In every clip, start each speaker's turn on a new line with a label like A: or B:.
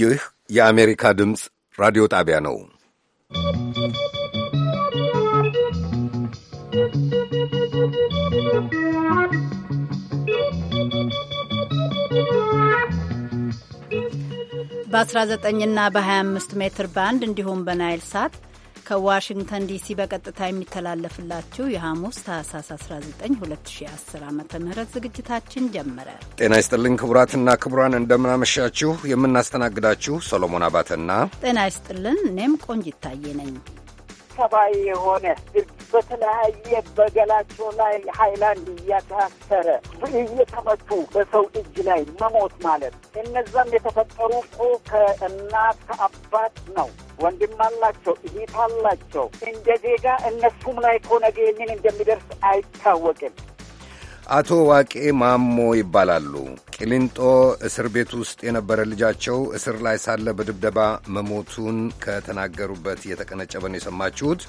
A: ይህ የአሜሪካ ድምፅ ራዲዮ ጣቢያ ነው።
B: በ19 እና በ25 ሜትር ባንድ እንዲሁም በናይል ሳት ከዋሽንግተን ዲሲ በቀጥታ የሚተላለፍላችሁ የሐሙስ ታህሳስ 19 2010 ዓ ም ዝግጅታችን ጀመረ።
A: ጤና ይስጥልኝ ክቡራትና ክቡራን፣ እንደምናመሻችሁ። የምናስተናግዳችሁ ሰሎሞን አባተና
B: ጤና ይስጥልን፣ እኔም ቆንጅ ይታየ ነኝ። ሰብአዊ የሆነ በተለያየ በገላቸው ላይ ሀይላንድ እያታሰረ
C: እየተመቱ በሰው እጅ ላይ መሞት ማለት እነዛም የተፈጠሩ እኮ ከእናት ከአባት ነው። ወንድም አላቸው፣ እህት አላቸው። እንደ ዜጋ እነሱም ላይ እኮ ነገ ምን እንደሚደርስ አይታወቅም።
A: አቶ ዋቄ ማሞ ይባላሉ። ቂሊንጦ እስር ቤት ውስጥ የነበረ ልጃቸው እስር ላይ ሳለ በድብደባ መሞቱን ከተናገሩበት እየተቀነጨበ ነው የሰማችሁት።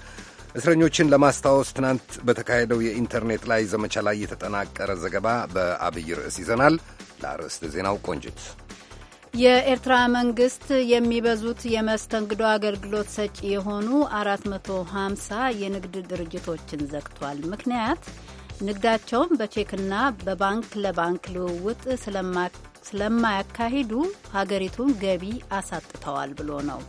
A: እስረኞችን ለማስታወስ ትናንት በተካሄደው የኢንተርኔት ላይ ዘመቻ ላይ የተጠናቀረ ዘገባ በአብይ ርዕስ ይዘናል። ለአርዕስተ ዜናው ቆንጅት።
D: የኤርትራ
B: መንግስት የሚበዙት የመስተንግዶ አገልግሎት ሰጪ የሆኑ 450 የንግድ ድርጅቶችን ዘግቷል። ምክንያት ንግዳቸውን በቼክና በባንክ ለባንክ ልውውጥ ስለማያካሂዱ ሀገሪቱን ገቢ አሳጥተዋል ብሎ ነው።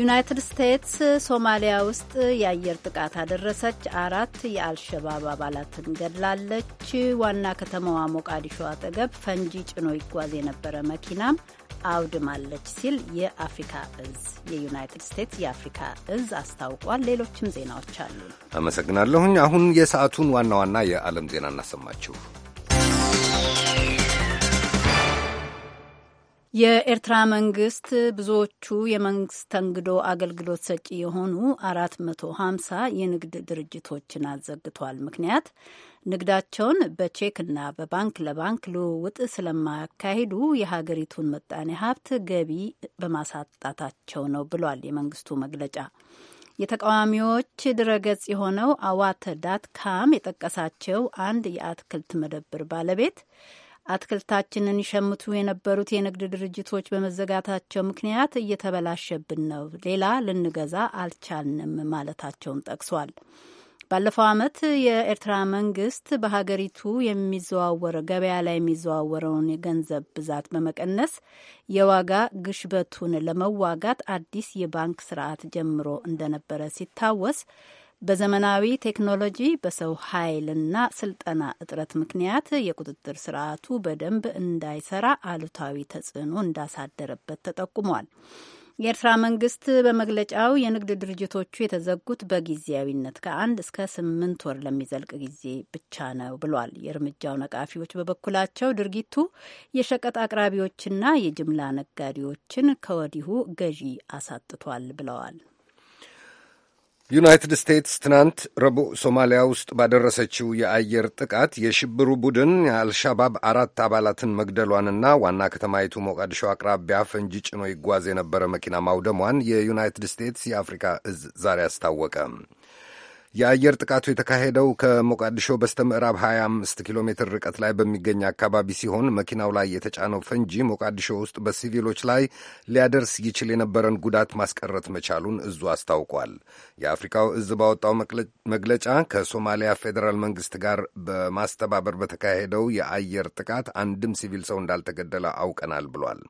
B: ዩናይትድ ስቴትስ ሶማሊያ ውስጥ የአየር ጥቃት አደረሰች። አራት የአልሸባብ አባላትን ገድላለች። ዋና ከተማዋ ሞቃዲሾ አጠገብ ፈንጂ ጭኖ ይጓዝ የነበረ መኪናም አውድማለች ሲል የአፍሪካ እዝ የዩናይትድ ስቴትስ የአፍሪካ እዝ አስታውቋል። ሌሎችም ዜናዎች አሉ።
A: አመሰግናለሁኝ። አሁን የሰዓቱን ዋና ዋና የዓለም ዜና እናሰማችሁ።
B: የኤርትራ መንግስት ብዙዎቹ የመስተንግዶ አገልግሎት ሰጪ የሆኑ አራት መቶ ሀምሳ የንግድ ድርጅቶችን አዘግቷል። ምክንያት ንግዳቸውን በቼክና በባንክ ለባንክ ልውውጥ ስለማያካሂዱ የሀገሪቱን ምጣኔ ሀብት ገቢ በማሳጣታቸው ነው ብሏል የመንግስቱ መግለጫ። የተቃዋሚዎች ድረገጽ የሆነው አዋተ ዳት ካም የጠቀሳቸው አንድ የአትክልት መደብር ባለቤት አትክልታችንን ይሸምቱ የነበሩት የንግድ ድርጅቶች በመዘጋታቸው ምክንያት እየተበላሸብን ነው፣ ሌላ ልንገዛ አልቻልንም ማለታቸውን ጠቅሷል። ባለፈው ዓመት የኤርትራ መንግስት በሀገሪቱ የሚዘዋወረ ገበያ ላይ የሚዘዋወረውን የገንዘብ ብዛት በመቀነስ የዋጋ ግሽበቱን ለመዋጋት አዲስ የባንክ ስርዓት ጀምሮ እንደነበረ ሲታወስ በዘመናዊ ቴክኖሎጂ በሰው ኃይልና ስልጠና እጥረት ምክንያት የቁጥጥር ስርዓቱ በደንብ እንዳይሰራ አሉታዊ ተጽዕኖ እንዳሳደረበት ተጠቁሟል። የኤርትራ መንግስት በመግለጫው የንግድ ድርጅቶቹ የተዘጉት በጊዜያዊነት ከአንድ እስከ ስምንት ወር ለሚዘልቅ ጊዜ ብቻ ነው ብሏል። የእርምጃው ነቃፊዎች በበኩላቸው ድርጊቱ የሸቀጥ አቅራቢዎችና የጅምላ ነጋዴዎችን ከወዲሁ ገዢ አሳጥቷል ብለዋል።
A: ዩናይትድ ስቴትስ ትናንት ረቡዕ ሶማሊያ ውስጥ ባደረሰችው የአየር ጥቃት የሽብሩ ቡድን የአልሻባብ አራት አባላትን መግደሏንና ዋና ከተማይቱ ሞቃዲሾ አቅራቢያ ፈንጂ ጭኖ ይጓዝ የነበረ መኪና ማውደሟን የዩናይትድ ስቴትስ የአፍሪካ እዝ ዛሬ አስታወቀ። የአየር ጥቃቱ የተካሄደው ከሞቃዲሾ በስተ ምዕራብ 25 ኪሎ ሜትር ርቀት ላይ በሚገኝ አካባቢ ሲሆን መኪናው ላይ የተጫነው ፈንጂ ሞቃዲሾ ውስጥ በሲቪሎች ላይ ሊያደርስ ይችል የነበረን ጉዳት ማስቀረት መቻሉን እዙ አስታውቋል። የአፍሪካው እዝ ባወጣው መግለጫ ከሶማሊያ ፌዴራል መንግስት ጋር በማስተባበር በተካሄደው የአየር ጥቃት አንድም ሲቪል ሰው እንዳልተገደለ አውቀናል ብሏል።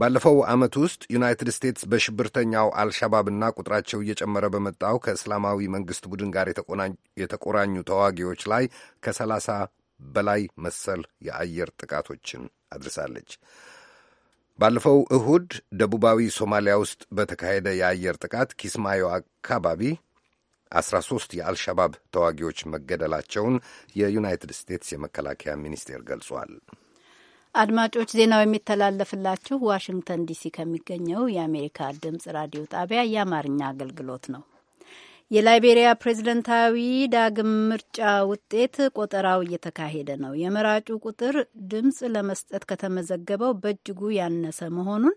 A: ባለፈው ዓመት ውስጥ ዩናይትድ ስቴትስ በሽብርተኛው አልሻባብና ቁጥራቸው እየጨመረ በመጣው ከእስላማዊ መንግሥት ቡድን ጋር የተቆራኙ ተዋጊዎች ላይ ከሰላሳ በላይ መሰል የአየር ጥቃቶችን አድርሳለች። ባለፈው እሁድ ደቡባዊ ሶማሊያ ውስጥ በተካሄደ የአየር ጥቃት ኪስማዮ አካባቢ 13 የአልሻባብ ተዋጊዎች መገደላቸውን የዩናይትድ ስቴትስ የመከላከያ ሚኒስቴር ገልጿል።
B: አድማጮች ዜናው የሚተላለፍላችሁ ዋሽንግተን ዲሲ ከሚገኘው የአሜሪካ ድምጽ ራዲዮ ጣቢያ የአማርኛ አገልግሎት ነው። የላይቤሪያ ፕሬዝደንታዊ ዳግም ምርጫ ውጤት ቆጠራው እየተካሄደ ነው። የመራጩ ቁጥር ድምፅ ለመስጠት ከተመዘገበው በእጅጉ ያነሰ መሆኑን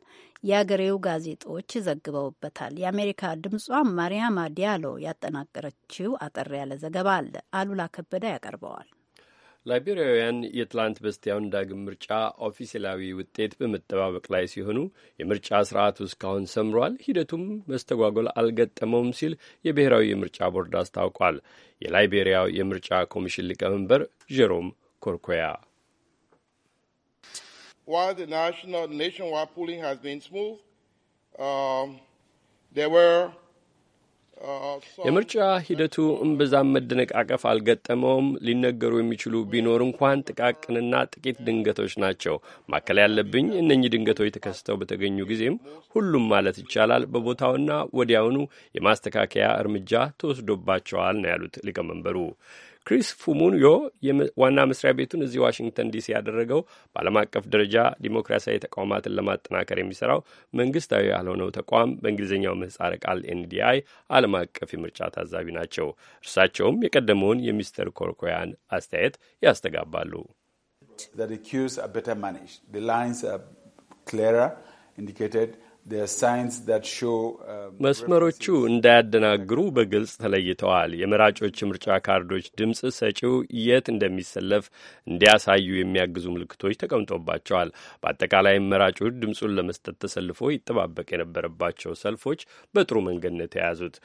B: የአገሬው ጋዜጦች ዘግበውበታል። የአሜሪካ ድምጿ ማርያማ ዲያሎ ያጠናቀረችው አጠር ያለ ዘገባ አለ። አሉላ ከበደ ያቀርበዋል።
E: ላይቤሪያውያን የትላንት በስቲያውን ዳግም ምርጫ ኦፊሴላዊ ውጤት በመጠባበቅ ላይ ሲሆኑ የምርጫ ስርዓቱ እስካሁን ሰምሯል፣ ሂደቱም መስተጓጎል አልገጠመውም ሲል የብሔራዊ የምርጫ ቦርድ አስታውቋል። የላይቤሪያው የምርጫ ኮሚሽን ሊቀመንበር ጄሮም ኮርኮያ ናሽናል የምርጫ ሂደቱ እምብዛም መደነቃቀፍ አልገጠመውም። ሊነገሩ የሚችሉ ቢኖር እንኳን ጥቃቅንና ጥቂት ድንገቶች ናቸው። ማከል ያለብኝ እነኚህ ድንገቶች ተከስተው በተገኙ ጊዜም ሁሉም ማለት ይቻላል በቦታውና ወዲያውኑ የማስተካከያ እርምጃ ተወስዶባቸዋል ነው ያሉት ሊቀመንበሩ። ክሪስ ፉሙንዮ ዋና መስሪያ ቤቱን እዚህ ዋሽንግተን ዲሲ ያደረገው በዓለም አቀፍ ደረጃ ዲሞክራሲያዊ ተቋማትን ለማጠናከር የሚሰራው መንግስታዊ ያልሆነው ተቋም በእንግሊዝኛው ምህጻረ ቃል ኤንዲአይ ዓለም አቀፍ የምርጫ ታዛቢ ናቸው። እርሳቸውም የቀደመውን የሚስተር ኮርኮያን አስተያየት ያስተጋባሉ።
F: that Um,
E: መስመሮቹ እንዳያደናግሩ በግልጽ ተለይተዋል። የመራጮች ምርጫ ካርዶች ድምፅ ሰጪው የት እንደሚሰለፍ እንዲያሳዩ የሚያግዙ ምልክቶች ተቀምጦባቸዋል። በአጠቃላይ መራጮች ድምፁን ለመስጠት ተሰልፎ ይጠባበቅ የነበረባቸው ሰልፎች በጥሩ መንገድ ነው የተያዙት።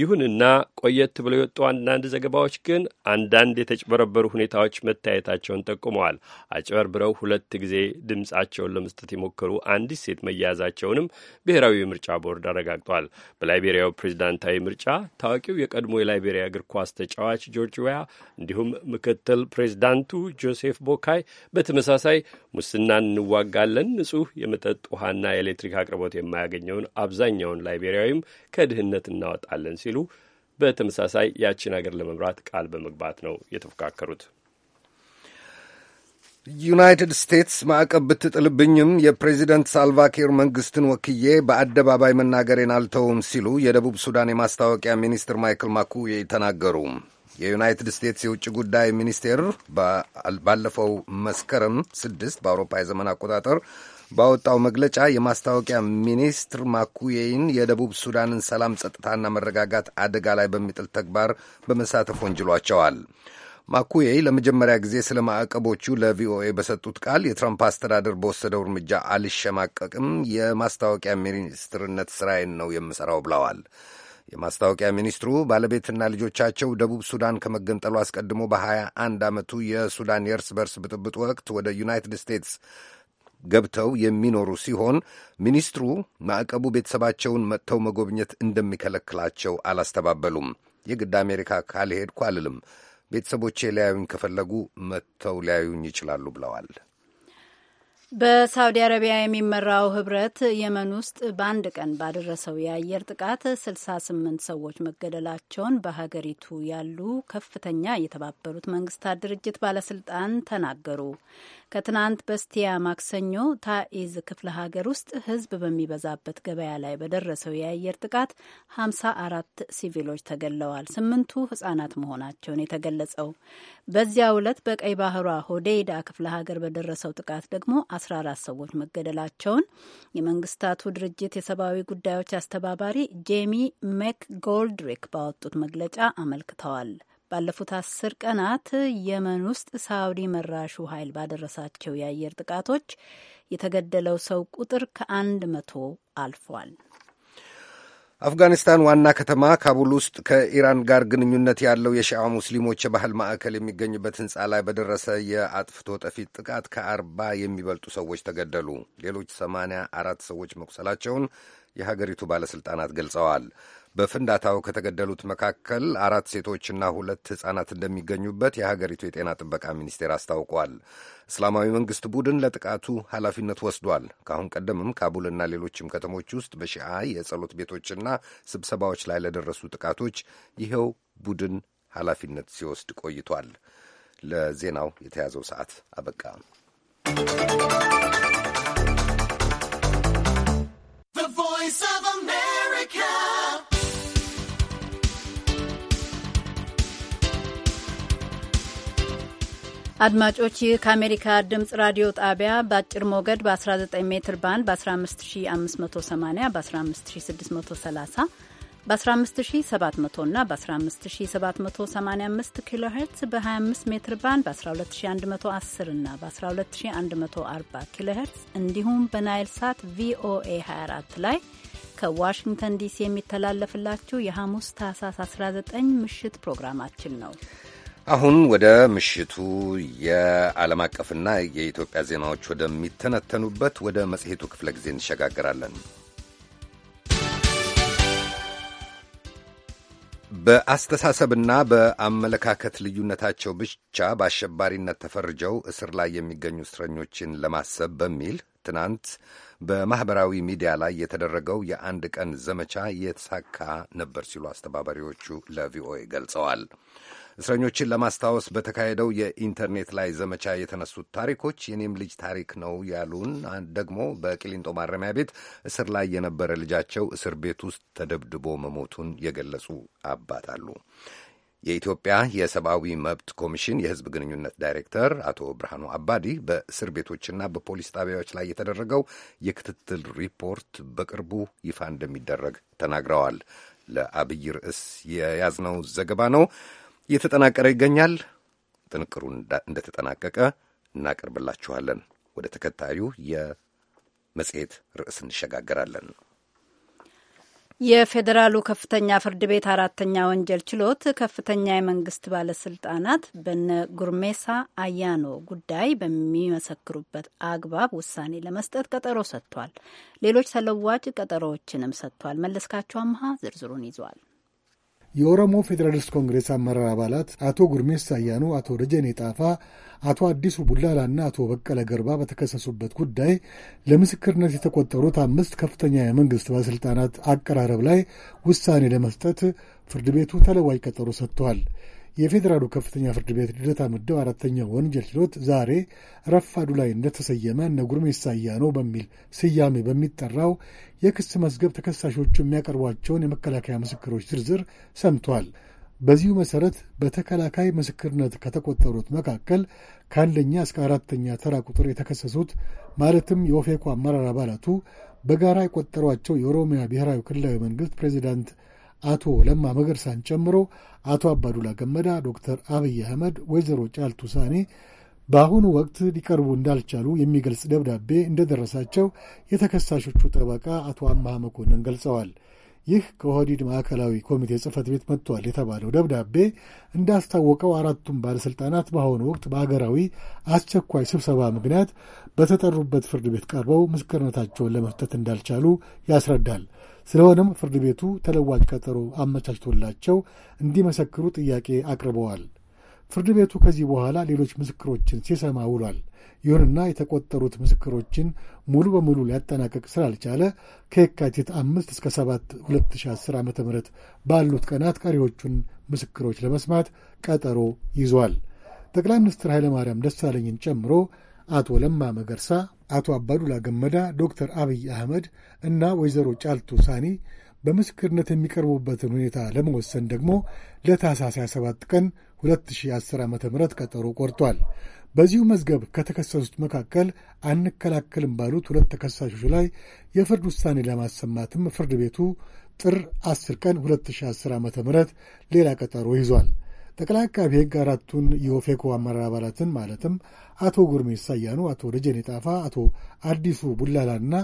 E: ይሁንና ቆየት ብለው የወጡ አንዳንድ ዘገባዎች ግን አንዳንድ የተጭበረበሩ ሁኔታዎች መታየታቸውን ጠቁመዋል። አጭበርብረው ሁለት ጊዜ ድምጻቸውን ለመስጠት የሞከሩ አንዲት ሴት መያያዛቸውንም ብሔራዊ የምርጫ ቦርድ አረጋግጧል። በላይቤሪያው ፕሬዚዳንታዊ ምርጫ ታዋቂው የቀድሞ የላይቤሪያ እግር ኳስ ተጫዋች ጆርጅ ዋያ እንዲሁም ምክትል ፕሬዚዳንቱ ጆሴፍ ቦካይ በተመሳሳይ ሙስናን እንዋጋለን፣ ንጹህ የመጠጥ ውሃና የኤሌክትሪክ አቅርቦት የማያገኘውን አብዛኛውን ላይቤሪያዊም ከድህነት እናወጣለን ሲሉ በተመሳሳይ ያችን ሀገር ለመምራት ቃል በመግባት ነው የተፎካከሩት።
A: ዩናይትድ ስቴትስ ማዕቀብ ብትጥልብኝም የፕሬዚደንት ሳልቫኪር መንግስትን ወክዬ በአደባባይ መናገሬን አልተውም ሲሉ የደቡብ ሱዳን የማስታወቂያ ሚኒስትር ማይክል ማኩዬ ተናገሩ። የዩናይትድ ስቴትስ የውጭ ጉዳይ ሚኒስቴር ባለፈው መስከረም ስድስት በአውሮፓ የዘመን አቆጣጠር ባወጣው መግለጫ የማስታወቂያ ሚኒስትር ማኩዬይን የደቡብ ሱዳንን ሰላም ጸጥታና መረጋጋት አደጋ ላይ በሚጥል ተግባር በመሳተፍ ወንጅሏቸዋል። ማኩዬ ለመጀመሪያ ጊዜ ስለ ማዕቀቦቹ ለቪኦኤ በሰጡት ቃል የትራምፕ አስተዳደር በወሰደው እርምጃ አልሸማቀቅም፣ የማስታወቂያ ሚኒስትርነት ስራዬን ነው የምሠራው ብለዋል። የማስታወቂያ ሚኒስትሩ ባለቤትና ልጆቻቸው ደቡብ ሱዳን ከመገንጠሉ አስቀድሞ በ21 ዓመቱ የሱዳን የእርስ በርስ ብጥብጥ ወቅት ወደ ዩናይትድ ስቴትስ ገብተው የሚኖሩ ሲሆን ሚኒስትሩ ማዕቀቡ ቤተሰባቸውን መጥተው መጎብኘት እንደሚከለክላቸው አላስተባበሉም። የግድ አሜሪካ ካልሄድኩ አልልም፣ ቤተሰቦቼ ሊያዩኝ ከፈለጉ መጥተው ሊያዩኝ ይችላሉ ብለዋል።
B: በሳውዲ አረቢያ የሚመራው ህብረት የመን ውስጥ በአንድ ቀን ባደረሰው የአየር ጥቃት 68 ሰዎች መገደላቸውን በሀገሪቱ ያሉ ከፍተኛ የተባበሩት መንግስታት ድርጅት ባለስልጣን ተናገሩ። ከትናንት በስቲያ ማክሰኞ ታኢዝ ክፍለ ሀገር ውስጥ ሕዝብ በሚበዛበት ገበያ ላይ በደረሰው የአየር ጥቃት ሀምሳ አራት ሲቪሎች ተገለዋል። ስምንቱ ሕጻናት መሆናቸውን የተገለጸው በዚያ ዕለት በቀይ ባህሯ ሆዴይዳ ክፍለ ሀገር በደረሰው ጥቃት ደግሞ አስራ አራት ሰዎች መገደላቸውን የመንግስታቱ ድርጅት የሰብአዊ ጉዳዮች አስተባባሪ ጄሚ ሜክ ጎልድሪክ ባወጡት መግለጫ አመልክተዋል። ባለፉት አስር ቀናት የመን ውስጥ ሳውዲ መራሹ ኃይል ባደረሳቸው የአየር ጥቃቶች የተገደለው ሰው ቁጥር ከአንድ መቶ አልፏል።
A: አፍጋኒስታን ዋና ከተማ ካቡል ውስጥ ከኢራን ጋር ግንኙነት ያለው የሺዓ ሙስሊሞች የባህል ማዕከል የሚገኝበት ሕንፃ ላይ በደረሰ የአጥፍቶ ጠፊት ጥቃት ከአርባ የሚበልጡ ሰዎች ተገደሉ። ሌሎች ሰማንያ አራት ሰዎች መቁሰላቸውን የሀገሪቱ ባለሥልጣናት ገልጸዋል። በፍንዳታው ከተገደሉት መካከል አራት ሴቶችና ሁለት ሕፃናት እንደሚገኙበት የሀገሪቱ የጤና ጥበቃ ሚኒስቴር አስታውቋል። እስላማዊ መንግሥት ቡድን ለጥቃቱ ኃላፊነት ወስዷል። ከአሁን ቀደምም ካቡልና ሌሎችም ከተሞች ውስጥ በሺአ የጸሎት ቤቶችና ስብሰባዎች ላይ ለደረሱ ጥቃቶች ይኸው ቡድን ኃላፊነት ሲወስድ ቆይቷል። ለዜናው የተያዘው ሰዓት አበቃ።
B: አድማጮች ይህ ከአሜሪካ ድምጽ ራዲዮ ጣቢያ በአጭር ሞገድ በ19 ሜትር ባንድ በ15580 በ15630 በ15700 እና በ15785 ኪሎ ሄርትስ በ25 ሜትር ባንድ በ12110 እና በ12140 ኪሎ ሄርትስ እንዲሁም በናይል ሳት ቪኦኤ 24 ላይ ከዋሽንግተን ዲሲ የሚተላለፍላችሁ የሐሙስ ታህሳስ 19 ምሽት ፕሮግራማችን ነው።
A: አሁን ወደ ምሽቱ የዓለም አቀፍና የኢትዮጵያ ዜናዎች ወደሚተነተኑበት ወደ መጽሔቱ ክፍለ ጊዜ እንሸጋግራለን። በአስተሳሰብና በአመለካከት ልዩነታቸው ብቻ በአሸባሪነት ተፈርጀው እስር ላይ የሚገኙ እስረኞችን ለማሰብ በሚል ትናንት በማኅበራዊ ሚዲያ ላይ የተደረገው የአንድ ቀን ዘመቻ የተሳካ ነበር ሲሉ አስተባባሪዎቹ ለቪኦኤ ገልጸዋል። እስረኞችን ለማስታወስ በተካሄደው የኢንተርኔት ላይ ዘመቻ የተነሱት ታሪኮች የኔም ልጅ ታሪክ ነው ያሉን ደግሞ በቅሊንጦ ማረሚያ ቤት እስር ላይ የነበረ ልጃቸው እስር ቤት ውስጥ ተደብድቦ መሞቱን የገለጹ አባት አሉ። የኢትዮጵያ የሰብአዊ መብት ኮሚሽን የሕዝብ ግንኙነት ዳይሬክተር አቶ ብርሃኑ አባዲ በእስር ቤቶችና በፖሊስ ጣቢያዎች ላይ የተደረገው የክትትል ሪፖርት በቅርቡ ይፋ እንደሚደረግ ተናግረዋል። ለአብይ ርዕስ የያዝነው ዘገባ ነው። እየተጠናቀረ ይገኛል። ጥንቅሩ እንደተጠናቀቀ እናቀርብላችኋለን። ወደ ተከታዩ የመጽሔት ርዕስ እንሸጋገራለን።
B: የፌዴራሉ ከፍተኛ ፍርድ ቤት አራተኛ ወንጀል ችሎት ከፍተኛ የመንግስት ባለስልጣናት በነ ጉርሜሳ አያኖ ጉዳይ በሚመሰክሩበት አግባብ ውሳኔ ለመስጠት ቀጠሮ ሰጥቷል። ሌሎች ተለዋጭ ቀጠሮዎችንም ሰጥቷል። መለስካቸው አምሃ ዝርዝሩን ይዟል።
G: የኦሮሞ ፌዴራሊስት ኮንግሬስ አመራር አባላት አቶ ጉርሜሳ ሳያኑ፣ አቶ ደጀኔ ጣፋ፣ አቶ አዲሱ ቡላላና አቶ በቀለ ገርባ በተከሰሱበት ጉዳይ ለምስክርነት የተቆጠሩት አምስት ከፍተኛ የመንግሥት ባለሥልጣናት አቀራረብ ላይ ውሳኔ ለመስጠት ፍርድ ቤቱ ተለዋጭ ቀጠሮ ሰጥቷል። የፌዴራሉ ከፍተኛ ፍርድ ቤት ልደታ ምድብ አራተኛው ወንጀል ችሎት ዛሬ ረፋዱ ላይ እንደተሰየመ እነ ጉርሜሳ አያኖ በሚል ስያሜ በሚጠራው የክስ መዝገብ ተከሳሾቹ የሚያቀርቧቸውን የመከላከያ ምስክሮች ዝርዝር ሰምቷል። በዚሁ መሠረት በተከላካይ ምስክርነት ከተቆጠሩት መካከል ከአንደኛ እስከ አራተኛ ተራ ቁጥር የተከሰሱት ማለትም የኦፌኮ አመራር አባላቱ በጋራ የቆጠሯቸው የኦሮሚያ ብሔራዊ ክልላዊ መንግሥት ፕሬዚዳንት አቶ ለማ መገርሳን ጨምሮ አቶ አባዱላ ገመዳ፣ ዶክተር አብይ አህመድ፣ ወይዘሮ ጫልቱ ሳኔ በአሁኑ ወቅት ሊቀርቡ እንዳልቻሉ የሚገልጽ ደብዳቤ እንደደረሳቸው የተከሳሾቹ ጠበቃ አቶ አማ መኮንን ገልጸዋል። ይህ ከኦህዲድ ማዕከላዊ ኮሚቴ ጽህፈት ቤት መጥቷል የተባለው ደብዳቤ እንዳስታወቀው አራቱም ባለሥልጣናት በአሁኑ ወቅት በአገራዊ አስቸኳይ ስብሰባ ምክንያት በተጠሩበት ፍርድ ቤት ቀርበው ምስክርነታቸውን ለመስጠት እንዳልቻሉ ያስረዳል። ስለሆነም ፍርድ ቤቱ ተለዋጭ ቀጠሮ አመቻችቶላቸው እንዲመሰክሩ ጥያቄ አቅርበዋል። ፍርድ ቤቱ ከዚህ በኋላ ሌሎች ምስክሮችን ሲሰማ ውሏል። ይሁንና የተቆጠሩት ምስክሮችን ሙሉ በሙሉ ሊያጠናቀቅ ስላልቻለ ከየካቲት አምስት እስከ ሰባት 2010 ዓ ም ባሉት ቀናት ቀሪዎቹን ምስክሮች ለመስማት ቀጠሮ ይዟል። ጠቅላይ ሚኒስትር ኃይለማርያም ደሳለኝን ጨምሮ አቶ ለማ መገርሳ አቶ አባዱላ ገመዳ፣ ዶክተር አብይ አህመድ እና ወይዘሮ ጫልቱ ሳኒ በምስክርነት የሚቀርቡበትን ሁኔታ ለመወሰን ደግሞ ለታህሳስ 27 ቀን 2010 ዓ ም ቀጠሮ ቆርጧል። በዚሁ መዝገብ ከተከሰሱት መካከል አንከላከልም ባሉት ሁለት ተከሳሾች ላይ የፍርድ ውሳኔ ለማሰማትም ፍርድ ቤቱ ጥር 10 ቀን 2010 ዓ ም ሌላ ቀጠሮ ይዟል። ጠቅላይ አቃቢ ሕግ አራቱን የኦፌኮ አመራር አባላትን ማለትም አቶ ጉርሜሳ አያኑ፣ አቶ ደጀኔ ጣፋ፣ አቶ አዲሱ ቡላላና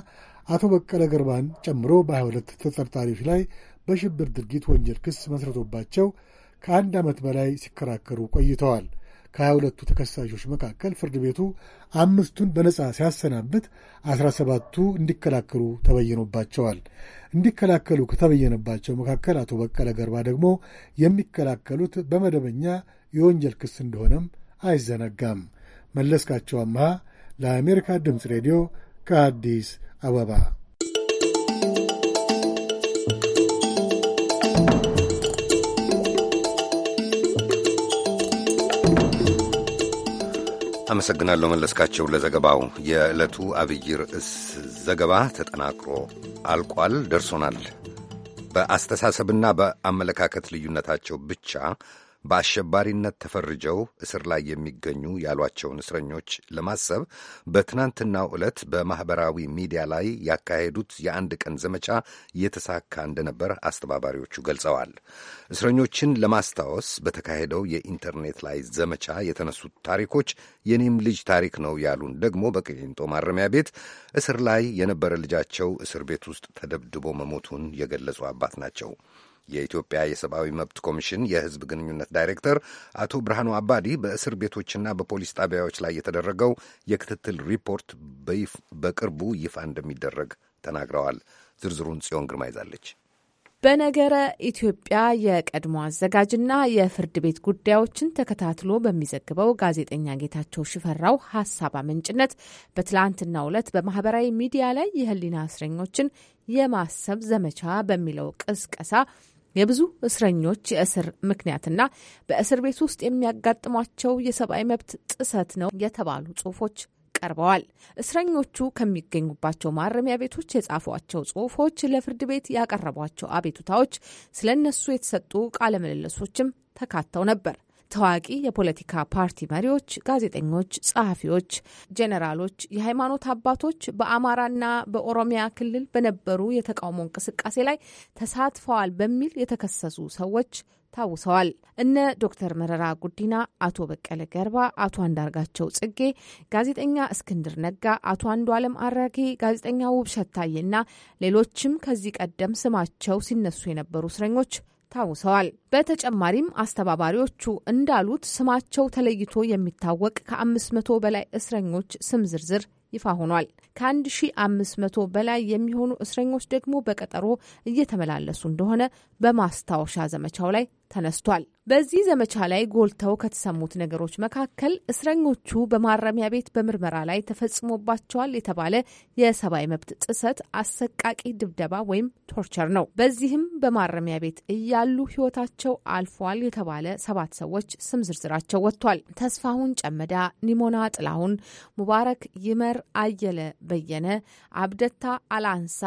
G: አቶ በቀለ ገርባን ጨምሮ በሀያ ሁለት ተጠርጣሪዎች ላይ በሽብር ድርጊት ወንጀል ክስ መስርቶባቸው ከአንድ ዓመት በላይ ሲከራከሩ ቆይተዋል። 2 ሁለቱ ተከሳሾች መካከል ፍርድ ቤቱ አምስቱን በነጻ ሲያሰናብት አስራ ሰባቱ እንዲከላከሉ ተበየኖባቸዋል። እንዲከላከሉ ከተበየነባቸው መካከል አቶ በቀለ ገርባ ደግሞ የሚከላከሉት በመደበኛ የወንጀል ክስ እንደሆነም አይዘነጋም። መለስካቸው አምሃ ለአሜሪካ ድምፅ ሬዲዮ ከአዲስ አበባ
A: አመሰግናለሁ መለስካቸው ለዘገባው። የዕለቱ አብይ ርዕስ ዘገባ ተጠናቅሮ አልቋል፣ ደርሶናል። በአስተሳሰብና በአመለካከት ልዩነታቸው ብቻ በአሸባሪነት ተፈርጀው እስር ላይ የሚገኙ ያሏቸውን እስረኞች ለማሰብ በትናንትናው ዕለት በማኅበራዊ ሚዲያ ላይ ያካሄዱት የአንድ ቀን ዘመቻ እየተሳካ እንደነበር አስተባባሪዎቹ ገልጸዋል። እስረኞችን ለማስታወስ በተካሄደው የኢንተርኔት ላይ ዘመቻ የተነሱት ታሪኮች የኔም ልጅ ታሪክ ነው ያሉን ደግሞ በቅሊንጦ ማረሚያ ቤት እስር ላይ የነበረ ልጃቸው እስር ቤት ውስጥ ተደብድቦ መሞቱን የገለጹ አባት ናቸው። የኢትዮጵያ የሰብአዊ መብት ኮሚሽን የህዝብ ግንኙነት ዳይሬክተር አቶ ብርሃኑ አባዲ በእስር ቤቶችና በፖሊስ ጣቢያዎች ላይ የተደረገው የክትትል ሪፖርት በቅርቡ ይፋ እንደሚደረግ ተናግረዋል። ዝርዝሩን ጽዮን ግርማ ይዛለች።
H: በነገረ ኢትዮጵያ የቀድሞ አዘጋጅና የፍርድ ቤት ጉዳዮችን ተከታትሎ በሚዘግበው ጋዜጠኛ ጌታቸው ሽፈራው ሀሳብ አመንጭነት በትላንትናው ዕለት በማህበራዊ ሚዲያ ላይ የህሊና እስረኞችን የማሰብ ዘመቻ በሚለው ቅስቀሳ የብዙ እስረኞች የእስር ምክንያትና በእስር ቤት ውስጥ የሚያጋጥሟቸው የሰብአዊ መብት ጥሰት ነው የተባሉ ጽሁፎች ቀርበዋል። እስረኞቹ ከሚገኙባቸው ማረሚያ ቤቶች የጻፏቸው ጽሁፎች፣ ለፍርድ ቤት ያቀረቧቸው አቤቱታዎች፣ ስለ እነሱ የተሰጡ ቃለ ምልልሶችም ተካተው ነበር። ታዋቂ የፖለቲካ ፓርቲ መሪዎች፣ ጋዜጠኞች፣ ጸሐፊዎች፣ ጄኔራሎች፣ የሃይማኖት አባቶች በአማራና በኦሮሚያ ክልል በነበሩ የተቃውሞ እንቅስቃሴ ላይ ተሳትፈዋል በሚል የተከሰሱ ሰዎች ታውሰዋል። እነ ዶክተር መረራ ጉዲና፣ አቶ በቀለ ገርባ፣ አቶ አንዳርጋቸው ጽጌ፣ ጋዜጠኛ እስክንድር ነጋ፣ አቶ አንዱ አለም አራጌ፣ ጋዜጠኛ ውብሸት ታዬና ሌሎችም ከዚህ ቀደም ስማቸው ሲነሱ የነበሩ እስረኞች ታውሰዋል። በተጨማሪም አስተባባሪዎቹ እንዳሉት ስማቸው ተለይቶ የሚታወቅ ከ500 በላይ እስረኞች ስም ዝርዝር ይፋ ሆኗል። ከ1500 በላይ የሚሆኑ እስረኞች ደግሞ በቀጠሮ እየተመላለሱ እንደሆነ በማስታወሻ ዘመቻው ላይ ተነስቷል። በዚህ ዘመቻ ላይ ጎልተው ከተሰሙት ነገሮች መካከል እስረኞቹ በማረሚያ ቤት በምርመራ ላይ ተፈጽሞባቸዋል የተባለ የሰብአዊ መብት ጥሰት፣ አሰቃቂ ድብደባ ወይም ቶርቸር ነው። በዚህም በማረሚያ ቤት እያሉ ሕይወታቸው አልፏል የተባለ ሰባት ሰዎች ስም ዝርዝራቸው ወጥቷል። ተስፋሁን ጨመዳ፣ ኒሞና ጥላሁን፣ ሙባረክ ይመር፣ አየለ በየነ፣ አብደታ አላንሳ፣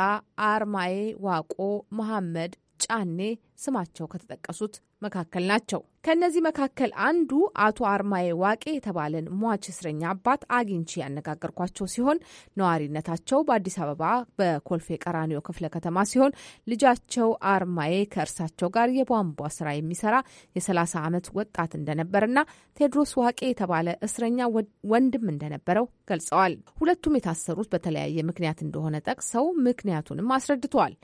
H: አርማዬ ዋቆ፣ መሐመድ ጫኔ ስማቸው ከተጠቀሱት መካከል ናቸው። ከእነዚህ መካከል አንዱ አቶ አርማዬ ዋቄ የተባለን ሟች እስረኛ አባት አግኝቼ ያነጋገርኳቸው ሲሆን ነዋሪነታቸው በአዲስ አበባ በኮልፌ ቀራኒዮ ክፍለ ከተማ ሲሆን ልጃቸው አርማዬ ከእርሳቸው ጋር የቧንቧ ስራ የሚሰራ የ30 ዓመት ወጣት እንደነበርና ቴድሮስ ዋቄ የተባለ እስረኛ ወንድም እንደነበረው ገልጸዋል። ሁለቱም የታሰሩት በተለያየ ምክንያት እንደሆነ ጠቅሰው ምክንያቱንም አስረድተዋል።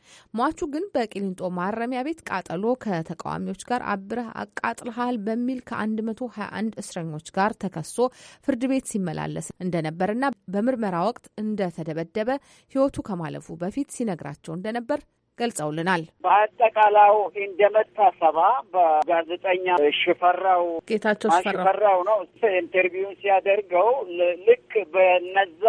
H: ሟቹ ግን በቂሊንጦ ማረሚያ ቤት ቃጠሎ ከተቃዋሚዎች ጋር አብረህ አቃጥለ አጥፍተሃል በሚል ከ121 እስረኞች ጋር ተከሶ ፍርድ ቤት ሲመላለስ እንደነበርና በምርመራ ወቅት እንደተደበደበ ሕይወቱ ከማለፉ በፊት ሲነግራቸው እንደነበር ገልጸውልናል።
C: በአጠቃላው እንደመታሰባ በጋዜጠኛ ሽፈራው ጌታቸው ሽፈራው ነው ኢንተርቪውን ሲያደርገው ልክ በነዛ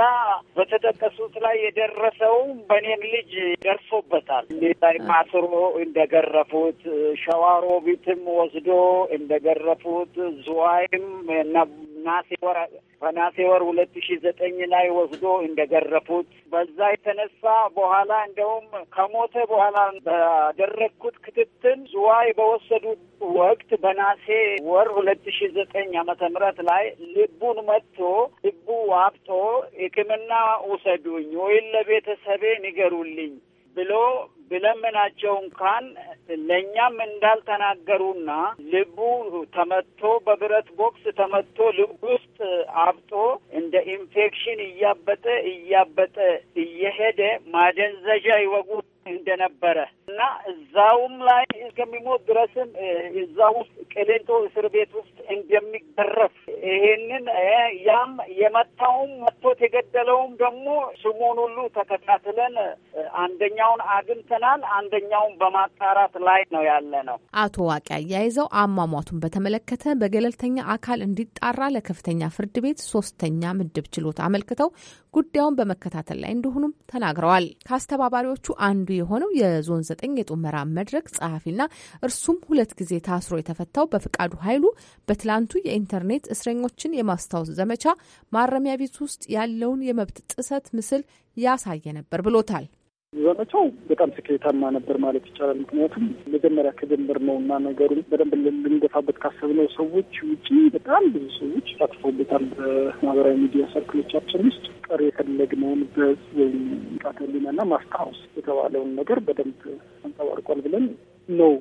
C: በተጠቀሱት ላይ የደረሰው በኔም ልጅ ደርሶበታል። ላይ ማስሮ እንደገረፉት፣ ሸዋሮቢትም ወስዶ እንደገረፉት፣ ዝዋይም ነሐሴ ወር በነሐሴ ወር ሁለት ሺ ዘጠኝ ላይ ወስዶ እንደገረፉት በዛ የተነሳ በኋላ እንደውም ከሞተ በኋላ ባደረግኩት ክትትል ዝዋይ በወሰዱት ወቅት በነሐሴ ወር ሁለት ሺ ዘጠኝ ዓመተ ምህረት ላይ ልቡን መጥቶ ልቡ አብጦ ሕክምና ውሰዱኝ ወይም ለቤተሰቤ ንገሩልኝ ብሎ ብለምናቸው እንኳን ለእኛም እንዳልተናገሩና ልቡ ተመቶ በብረት ቦክስ ተመቶ ልቡ ውስጥ አብጦ እንደ ኢንፌክሽን እያበጠ እያበጠ እየሄደ ማደንዘዣ ይወጉ እንደነበረ እና እዛውም ላይ እስከሚሞት ድረስም እዛ ውስጥ ቅሊንጦ እስር ቤት ውስጥ እንደሚገረፍ ይሄንን ያም የመታውም መቶት የገደለውም ደግሞ ስሙን ሁሉ ተከታትለን አንደኛውን አግኝተናል፣ አንደኛውን በማጣራት ላይ ነው ያለ ነው።
H: አቶ ዋቂ አያይዘው አሟሟቱን በተመለከተ በገለልተኛ አካል እንዲጣራ ለከፍተኛ ፍርድ ቤት ሶስተኛ ምድብ ችሎት አመልክተው ጉዳዩን በመከታተል ላይ እንደሆኑም ተናግረዋል። ከአስተባባሪዎቹ አንዱ የሆነው የዞን ዘጠኝ የጡመራ መድረክ ጸሐፊና እርሱም ሁለት ጊዜ ታስሮ የተፈታው በፍቃዱ ኃይሉ በትላንቱ የኢንተርኔት እስረ እስረኞችን የማስታወስ ዘመቻ ማረሚያ ቤት ውስጥ ያለውን የመብት ጥሰት ምስል ያሳየ ነበር ብሎታል።
F: ዘመቻው በጣም ስኬታማ ነበር ማለት ይቻላል። ምክንያቱም መጀመሪያ ነው እና ነገሩን በደንብ ልንገፋበት ካሰብነው ሰዎች ውጪ በጣም ብዙ ሰዎች ታክፈውበታል። በማህበራዊ ሚዲያ ሰርክሎቻችን ውስጥ ቀር የፈለግነውን በጽ ወይም ንቃተ ህሊናና ማስታወስ የተባለውን ነገር በደንብ አንጸባርቋል ብለን ነው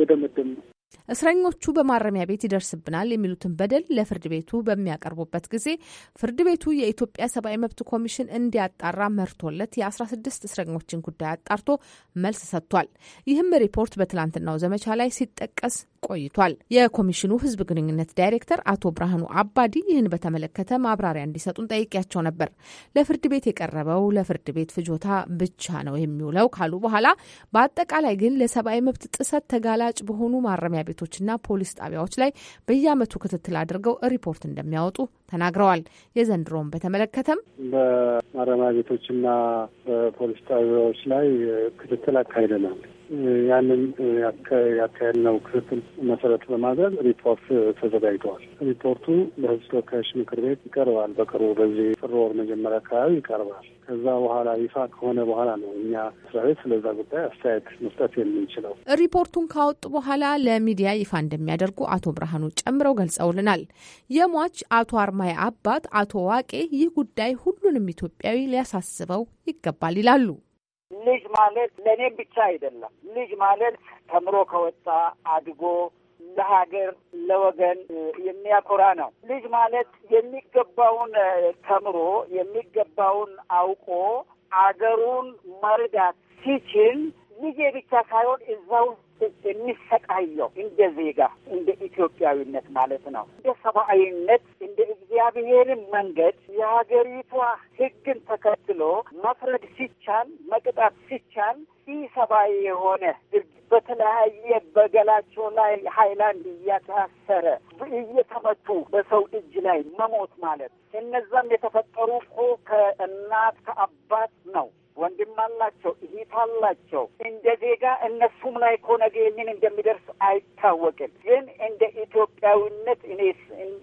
F: የደመደም ነው።
H: እስረኞቹ በማረሚያ ቤት ይደርስብናል የሚሉትን በደል ለፍርድ ቤቱ በሚያቀርቡበት ጊዜ ፍርድ ቤቱ የኢትዮጵያ ሰብአዊ መብት ኮሚሽን እንዲያጣራ መርቶለት የ16 እስረኞችን ጉዳይ አጣርቶ መልስ ሰጥቷል። ይህም ሪፖርት በትላንትናው ዘመቻ ላይ ሲጠቀስ ቆይቷል። የኮሚሽኑ ህዝብ ግንኙነት ዳይሬክተር አቶ ብርሃኑ አባዲ ይህን በተመለከተ ማብራሪያ እንዲሰጡን ጠይቄያቸው ነበር። ለፍርድ ቤት የቀረበው ለፍርድ ቤት ፍጆታ ብቻ ነው የሚውለው ካሉ በኋላ በአጠቃላይ ግን ለሰብአዊ መብት ጥሰት ተጋላጭ በሆኑ ማረሚያ ቤቶችና ፖሊስ ጣቢያዎች ላይ በየዓመቱ ክትትል አድርገው ሪፖርት እንደሚያወጡ ተናግረዋል። የዘንድሮውን በተመለከተም
F: በማረሚያ ቤቶችና በፖሊስ ጣቢያዎች ላይ ክትትል አካሂደናል። ያንን ያካሄድነው ክትትል መሰረት በማድረግ ሪፖርት ተዘጋጅተዋል። ሪፖርቱ ለሕዝብ ተወካዮች ምክር ቤት ይቀርባል። በቅርቡ በዚህ ጥር ወር መጀመሪያ አካባቢ ይቀርባል። ከዛ በኋላ ይፋ ከሆነ በኋላ ነው እኛ መስሪያ ቤት ስለዛ ጉዳይ አስተያየት መስጠት የምንችለው።
H: ሪፖርቱን ካወጡ በኋላ ለሚዲያ ይፋ እንደሚያደርጉ አቶ ብርሃኑ ጨምረው ገልጸውልናል። የሟች አቶ አርማይ አባት አቶ ዋቄ ይህ ጉዳይ ሁሉንም ኢትዮጵያዊ ሊያሳስበው ይገባል ይላሉ።
C: ልጅ ማለት ለእኔ ብቻ አይደለም። ልጅ ማለት ተምሮ ከወጣ አድጎ ለሀገር ለወገን የሚያኮራ ነው። ልጅ ማለት የሚገባውን ተምሮ የሚገባውን አውቆ አገሩን መርዳት ሲችል ልጄ ብቻ ሳይሆን እዛው ህዝብ የሚሰቃየው እንደ ዜጋ እንደ ኢትዮጵያዊነት ማለት ነው እንደ ሰብአዊነት እንደ እግዚአብሔርን መንገድ የሀገሪቷ ህግን ተከትሎ መፍረድ ሲቻል መቅጣት ሲቻል ይህ የሆነ ድርጊት በተለያየ በገላቸው ላይ ሀይላንድ እያታሰረ እየተመቱ በሰው እጅ ላይ መሞት ማለት እነዛም የተፈጠሩ እኮ ከእናት ከአባት ነው ወንድም አላቸው፣ እህት አላቸው። እንደ ዜጋ እነሱም ላይ እኮ ነገ እንደሚደርስ አይታወቅም። ግን እንደ ኢትዮጵያዊነት እኔ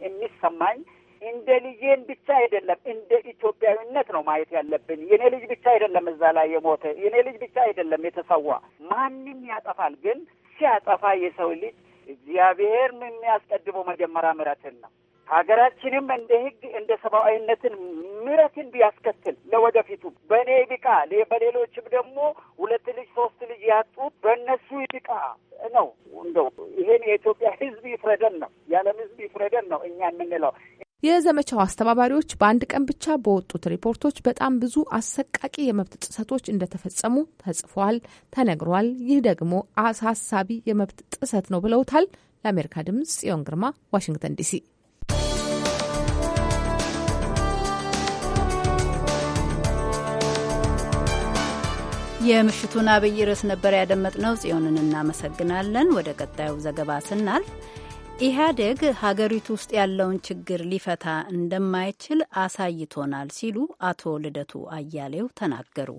C: የሚሰማኝ እንደ ልጄን ብቻ አይደለም እንደ ኢትዮጵያዊነት ነው ማየት ያለብን። የኔ ልጅ ብቻ አይደለም እዛ ላይ የሞተ የኔ ልጅ ብቻ አይደለም የተሰዋ። ማንም ያጠፋል፣ ግን ሲያጠፋ የሰው ልጅ እግዚአብሔር የሚያስቀድመው መጀመሪያ ምሕረትን ነው። ሀገራችንም እንደ ህግ እንደ ሰብአዊነትን ምረትን ቢያስከትል ለወደፊቱ በእኔ ይብቃ፣ በሌሎችም ደግሞ ሁለት ልጅ ሶስት ልጅ ያጡት በእነሱ ይብቃ ነው። እንደው ይሄን የኢትዮጵያ ህዝብ ይፍረደን ነው፣ የዓለም ህዝብ ይፍረደን ነው እኛ የምንለው።
H: የዘመቻው አስተባባሪዎች በአንድ ቀን ብቻ በወጡት ሪፖርቶች በጣም ብዙ አሰቃቂ የመብት ጥሰቶች እንደተፈጸሙ ተጽፏል፣ ተነግሯል። ይህ ደግሞ አሳሳቢ የመብት ጥሰት ነው ብለውታል። ለአሜሪካ ድምጽ ጽዮን ግርማ ዋሽንግተን ዲሲ
B: የምሽቱን አብይ ርዕስ ነበር ያደመጥነው። ጽዮንን እናመሰግናለን። ወደ ቀጣዩ ዘገባ ስናልፍ ኢህአዴግ ሀገሪቱ ውስጥ ያለውን ችግር ሊፈታ እንደማይችል አሳይቶናል ሲሉ አቶ ልደቱ አያሌው ተናገሩ።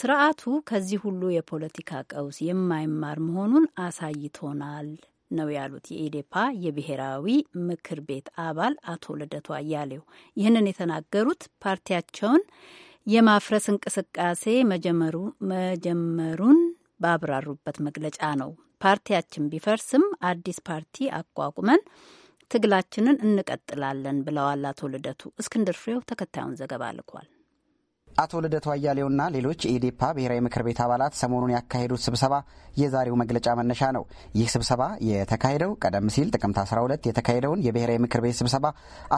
B: ስርዓቱ ከዚህ ሁሉ የፖለቲካ ቀውስ የማይማር መሆኑን አሳይቶናል ነው ያሉት የኢዴፓ የብሔራዊ ምክር ቤት አባል አቶ ልደቱ አያሌው። ይህንን የተናገሩት ፓርቲያቸውን የማፍረስ እንቅስቃሴ መጀመሩ መጀመሩን ባብራሩበት መግለጫ ነው። ፓርቲያችን ቢፈርስም አዲስ ፓርቲ አቋቁመን ትግላችንን እንቀጥላለን ብለዋል አቶ ልደቱ። እስክንድር ፍሬው ተከታዩን ዘገባ ልኳል።
I: አቶ ልደቱ አያሌውና ሌሎች የኢዴፓ ብሔራዊ ምክር ቤት አባላት ሰሞኑን ያካሄዱት ስብሰባ የዛሬው መግለጫ መነሻ ነው። ይህ ስብሰባ የተካሄደው ቀደም ሲል ጥቅምት 12 የተካሄደውን የብሔራዊ ምክር ቤት ስብሰባ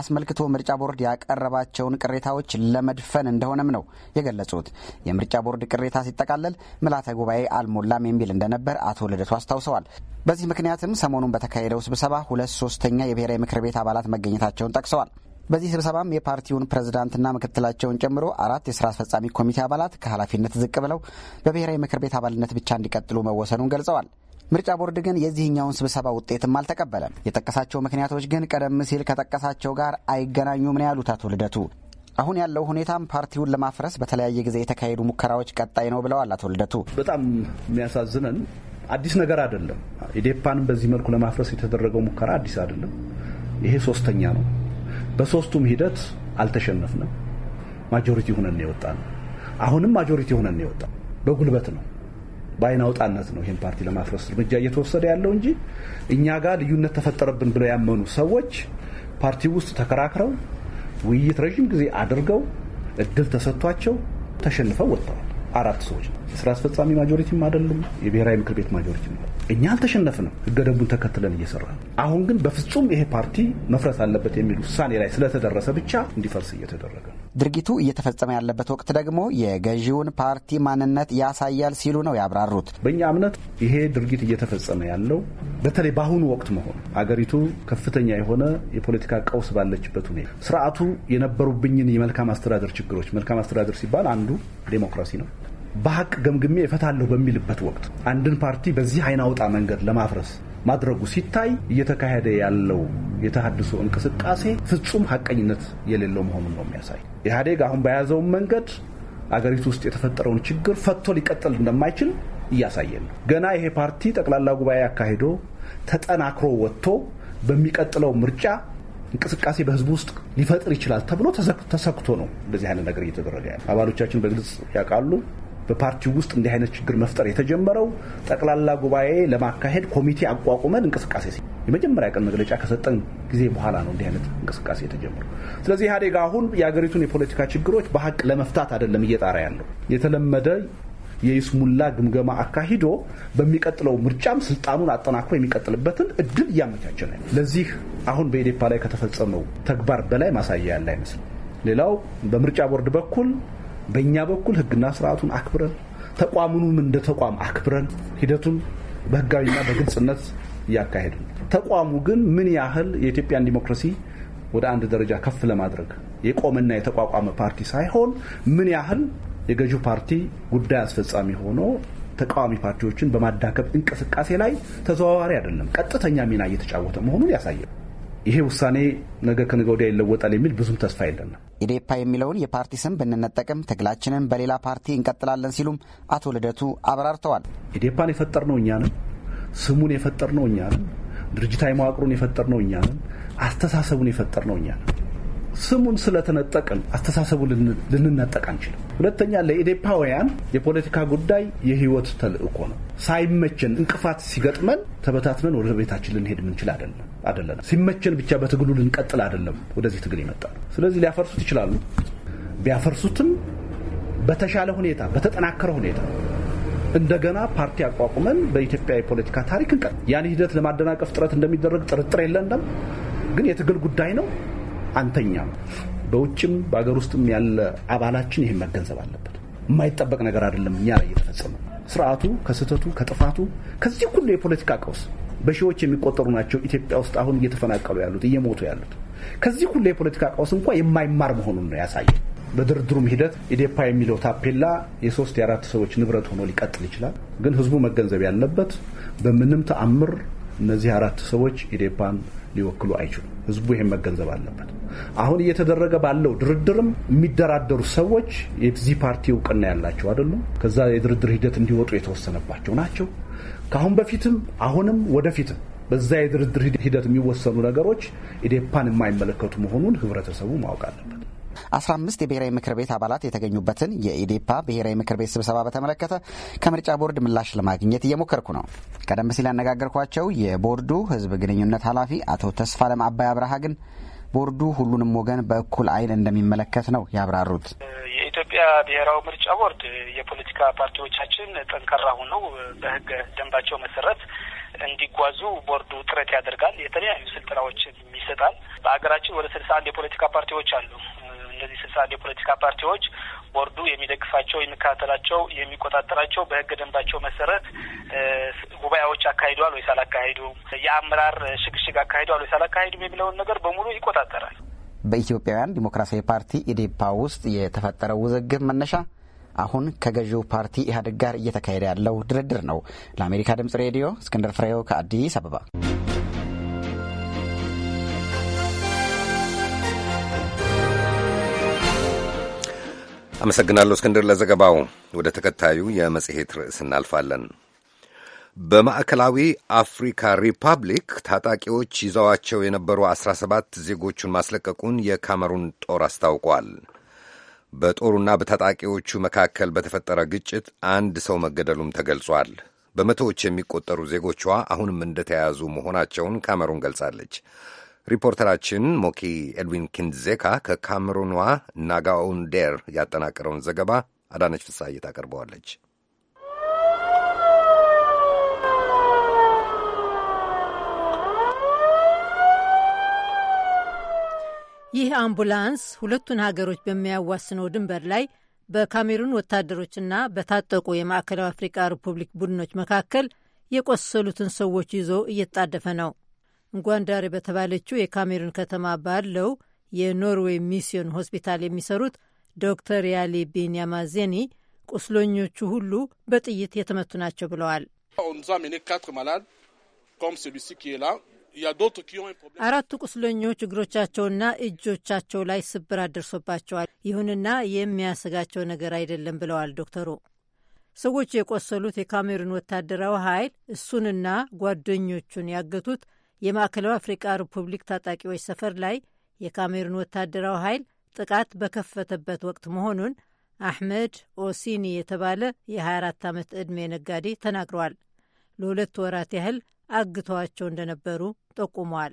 I: አስመልክቶ ምርጫ ቦርድ ያቀረባቸውን ቅሬታዎች ለመድፈን እንደሆነም ነው የገለጹት። የምርጫ ቦርድ ቅሬታ ሲጠቃለል ምላተ ጉባኤ አልሞላም የሚል እንደነበር አቶ ልደቱ አስታውሰዋል። በዚህ ምክንያትም ሰሞኑን በተካሄደው ስብሰባ ሁለት ሶስተኛ የብሔራዊ ምክር ቤት አባላት መገኘታቸውን ጠቅሰዋል። በዚህ ስብሰባም የፓርቲውን ፕሬዝዳንትና ምክትላቸውን ጨምሮ አራት የስራ አስፈጻሚ ኮሚቴ አባላት ከኃላፊነት ዝቅ ብለው በብሔራዊ ምክር ቤት አባልነት ብቻ እንዲቀጥሉ መወሰኑን ገልጸዋል። ምርጫ ቦርድ ግን የዚህኛውን ስብሰባ ውጤትም አልተቀበለም። የጠቀሳቸው ምክንያቶች ግን ቀደም ሲል ከጠቀሳቸው ጋር አይገናኙም ነው ያሉት አቶ ልደቱ። አሁን ያለው ሁኔታም ፓርቲውን ለማፍረስ በተለያየ ጊዜ የተካሄዱ ሙከራዎች ቀጣይ ነው
J: ብለዋል አቶ ልደቱ። በጣም የሚያሳዝነን አዲስ ነገር አይደለም። ኢዴፓንም በዚህ መልኩ ለማፍረስ የተደረገው ሙከራ አዲስ አይደለም። ይሄ ሶስተኛ ነው። በሶስቱም ሂደት አልተሸነፍንም። ማጆሪቲ ሆነን ነው አሁንም ማጆሪቲ ሆነን ነው በጉልበት ነው በአይን አውጣነት ነው ይህን ፓርቲ ለማፍረስ እርምጃ እየተወሰደ ያለው እንጂ እኛ ጋር ልዩነት ተፈጠረብን ብለው ያመኑ ሰዎች ፓርቲ ውስጥ ተከራክረው ውይይት ረዥም ጊዜ አድርገው እድል ተሰጥቷቸው ተሸንፈው ወጥተዋል። አራት ሰዎች ነው። የስራ አስፈጻሚ ማጆሪቲም አይደሉም፣ የብሔራዊ ምክር ቤት ማጆሪቲ እኛ አልተሸነፍንም፣ ህገ ደንቡን ተከትለን እየሰራ ነው። አሁን ግን በፍጹም ይሄ ፓርቲ መፍረስ አለበት የሚል ውሳኔ ላይ ስለተደረሰ ብቻ እንዲፈርስ እየተደረገ
I: ነው። ድርጊቱ እየተፈጸመ ያለበት ወቅት ደግሞ የገዢውን ፓርቲ ማንነት
J: ያሳያል ሲሉ ነው ያብራሩት። በእኛ እምነት ይሄ ድርጊት እየተፈጸመ ያለው በተለይ በአሁኑ ወቅት መሆኑ አገሪቱ ከፍተኛ የሆነ የፖለቲካ ቀውስ ባለችበት ሁኔታ ስርዓቱ የነበሩብኝን የመልካም አስተዳደር ችግሮች መልካም አስተዳደር ሲባል አንዱ ዴሞክራሲ ነው። በሀቅ ገምግሜ እፈታለሁ በሚልበት ወቅት አንድን ፓርቲ በዚህ አይን አውጣ መንገድ ለማፍረስ ማድረጉ ሲታይ እየተካሄደ ያለው የተሃድሶ እንቅስቃሴ ፍጹም ሀቀኝነት የሌለው መሆኑን ነው የሚያሳይ። ኢህአዴግ አሁን በያዘውን መንገድ አገሪቱ ውስጥ የተፈጠረውን ችግር ፈቶ ሊቀጥል እንደማይችል እያሳየ ነው። ገና ይሄ ፓርቲ ጠቅላላ ጉባኤ አካሂዶ ተጠናክሮ ወጥቶ በሚቀጥለው ምርጫ እንቅስቃሴ በህዝቡ ውስጥ ሊፈጥር ይችላል ተብሎ ተሰክቶ ነው እንደዚህ አይነት ነገር እየተደረገ ያለ። አባሎቻችን በግልጽ ያውቃሉ። በፓርቲው ውስጥ እንዲህ አይነት ችግር መፍጠር የተጀመረው ጠቅላላ ጉባኤ ለማካሄድ ኮሚቴ አቋቁመን እንቅስቃሴ የመጀመሪያ ቀን መግለጫ ከሰጠን ጊዜ በኋላ ነው እንዲህ አይነት እንቅስቃሴ የተጀመረው። ስለዚህ ኢህአዴግ አሁን የሀገሪቱን የፖለቲካ ችግሮች በሀቅ ለመፍታት አይደለም እየጣራ ያለው የተለመደ የይስሙላ ግምገማ አካሂዶ በሚቀጥለው ምርጫም ስልጣኑን አጠናክሮ የሚቀጥልበትን እድል እያመቻቸ ነው። ለዚህ አሁን በኢዴፓ ላይ ከተፈጸመው ተግባር በላይ ማሳያ ያለ አይመስልም። ሌላው በምርጫ ቦርድ በኩል በእኛ በኩል ህግና ስርዓቱን አክብረን ተቋሙንም እንደ ተቋም አክብረን ሂደቱን በህጋዊና በግልጽነት እያካሄዱ ተቋሙ ግን ምን ያህል የኢትዮጵያን ዲሞክራሲ ወደ አንድ ደረጃ ከፍ ለማድረግ የቆመና የተቋቋመ ፓርቲ ሳይሆን ምን ያህል የገዢው ፓርቲ ጉዳይ አስፈጻሚ ሆኖ ተቃዋሚ ፓርቲዎችን በማዳከብ እንቅስቃሴ ላይ ተዘዋዋሪ አይደለም፣ ቀጥተኛ ሚና እየተጫወተ መሆኑን ያሳያል። ይሄ ውሳኔ ነገ ከነገ ወዲያ ይለወጣል የሚል ብዙም ተስፋ የለንም።
I: ኢዴፓ የሚለውን የፓርቲ ስም ብንነጠቅም ትግላችንን በሌላ ፓርቲ እንቀጥላለን ሲሉም
J: አቶ ልደቱ አብራርተዋል። ኢዴፓን የፈጠርነው እኛ ስሙን የፈጠርነው እኛ ድርጅታዊ መዋቅሩን የፈጠርነው እኛ አስተሳሰቡን የፈጠርነው እኛ ስሙን ስለተነጠቅን አስተሳሰቡን ልንነጠቅ አንችልም። ሁለተኛ ለኢዴፓውያን የፖለቲካ ጉዳይ የህይወት ተልእኮ ነው። ሳይመቸን እንቅፋት ሲገጥመን ተበታትመን ወደ ቤታችን ልንሄድ ምንችል አይደለም። አይደለንም። ሲመቸን ብቻ በትግሉ ልንቀጥል አይደለም ወደዚህ ትግል ይመጣል። ስለዚህ ሊያፈርሱት ይችላሉ። ቢያፈርሱትም በተሻለ ሁኔታ በተጠናከረ ሁኔታ እንደገና ፓርቲ አቋቁመን በኢትዮጵያ የፖለቲካ ታሪክ እንቀ ያን ሂደት ለማደናቀፍ ጥረት እንደሚደረግ ጥርጥር የለንም። ግን የትግል ጉዳይ ነው። አንተኛም በውጭም በሀገር ውስጥም ያለ አባላችን ይህን መገንዘብ አለበት። የማይጠበቅ ነገር አይደለም እኛ ላይ እየተፈጸመ ስርዓቱ ከስህተቱ ከጥፋቱ ከዚህ ሁሉ የፖለቲካ ቀውስ በሺዎች የሚቆጠሩ ናቸው ኢትዮጵያ ውስጥ አሁን እየተፈናቀሉ ያሉት እየሞቱ ያሉት። ከዚህ ሁሉ የፖለቲካ ቀውስ እንኳ የማይማር መሆኑን ነው ያሳየ። በድርድሩም ሂደት ኢዴፓ የሚለው ታፔላ የሶስት የአራት ሰዎች ንብረት ሆኖ ሊቀጥል ይችላል። ግን ህዝቡ መገንዘብ ያለበት በምንም ተአምር እነዚህ አራት ሰዎች ኢዴፓን ሊወክሉ አይችሉም። ህዝቡ ይህን መገንዘብ አለበት። አሁን እየተደረገ ባለው ድርድርም የሚደራደሩ ሰዎች የዚህ ፓርቲ እውቅና ያላቸው አይደሉም። ከዛ የድርድር ሂደት እንዲወጡ የተወሰነባቸው ናቸው። ከአሁን በፊትም አሁንም ወደፊትም በዛ የድርድር ሂደት የሚወሰኑ ነገሮች ኢዴፓን የማይመለከቱ መሆኑን ህብረተሰቡ ማወቅ አለበት። አስራ
I: አምስት የብሔራዊ ምክር ቤት አባላት የተገኙበትን የኢዴፓ ብሔራዊ ምክር ቤት ስብሰባ በተመለከተ ከምርጫ ቦርድ ምላሽ ለማግኘት እየሞከርኩ ነው። ቀደም ሲል ያነጋገርኳቸው የቦርዱ ህዝብ ግንኙነት ኃላፊ አቶ ተስፋለም አባይ አብርሃ ግን ቦርዱ ሁሉንም ወገን በእኩል ዓይን እንደሚመለከት ነው ያብራሩት።
C: የኢትዮጵያ ብሔራዊ ምርጫ ቦርድ የፖለቲካ ፓርቲዎቻችን ጠንካራ ሆነው በህገ ደንባቸው መሰረት እንዲጓዙ ቦርዱ ጥረት ያደርጋል። የተለያዩ ስልጠናዎችን ይሰጣል። በሀገራችን ወደ ስልሳ አንድ የፖለቲካ ፓርቲዎች አሉ። እነዚህ ስልሳ አንድ የፖለቲካ ፓርቲዎች ቦርዱ የሚደግፋቸው፣ የሚከታተላቸው፣ የሚቆጣጠራቸው በህገ ደንባቸው መሰረት ጉባኤዎች አካሂደዋል ወይስ አላካሂዱም፣ የአመራር ሽግሽግ አካሂደዋል ወይስ አላካሂዱም የሚለውን ነገር በሙሉ ይቆጣጠራል።
I: በኢትዮጵያውያን ዲሞክራሲያዊ ፓርቲ ኢዴፓ ውስጥ የተፈጠረው ውዝግብ መነሻ አሁን ከገዢው ፓርቲ ኢህአዴግ ጋር እየተካሄደ ያለው ድርድር ነው። ለአሜሪካ ድምጽ ሬዲዮ እስክንድር ፍሬው ከአዲስ አበባ
A: አመሰግናለሁ እስክንድር ለዘገባው። ወደ ተከታዩ የመጽሔት ርዕስ እናልፋለን። በማዕከላዊ አፍሪካ ሪፐብሊክ ታጣቂዎች ይዘዋቸው የነበሩ 17 ዜጎቹን ማስለቀቁን የካሜሩን ጦር አስታውቋል። በጦሩና በታጣቂዎቹ መካከል በተፈጠረ ግጭት አንድ ሰው መገደሉም ተገልጿል። በመቶዎች የሚቆጠሩ ዜጎቿ አሁንም እንደተያያዙ መሆናቸውን ካሜሩን ገልጻለች። ሪፖርተራችን ሞኪ ኤድዊን ኪንድዜካ ከካሜሩኗ ናጋኡንዴር ያጠናቀረውን ዘገባ አዳነች ፍሳይ ታቀርበዋለች።
D: ይህ አምቡላንስ ሁለቱን ሀገሮች በሚያዋስነው ድንበር ላይ በካሜሩን ወታደሮችና በታጠቁ የማዕከላዊ አፍሪቃ ሪፑብሊክ ቡድኖች መካከል የቆሰሉትን ሰዎች ይዞ እየተጣደፈ ነው። ጓንዳሪ በተባለችው የካሜሩን ከተማ ባለው የኖርዌይ ሚስዮን ሆስፒታል የሚሰሩት ዶክተር ያሌ ያማዜኒ ቁስለኞቹ ሁሉ በጥይት የተመቱ ናቸው ብለዋል። አራቱ ቁስለኞች እግሮቻቸውና እጆቻቸው ላይ ስብራት ደርሶባቸዋል። ይሁንና የሚያሰጋቸው ነገር አይደለም ብለዋል ዶክተሩ። ሰዎች የቆሰሉት የካሜሩን ወታደራዊ ኃይል እሱንና ጓደኞቹን ያገቱት የማዕከላዊ አፍሪቃ ሪፑብሊክ ታጣቂዎች ሰፈር ላይ የካሜሩን ወታደራዊ ኃይል ጥቃት በከፈተበት ወቅት መሆኑን አሕመድ ኦሲኒ የተባለ የ24 ዓመት ዕድሜ ነጋዴ ተናግረዋል። ለሁለት ወራት ያህል አግተዋቸው እንደነበሩ ጠቁመዋል።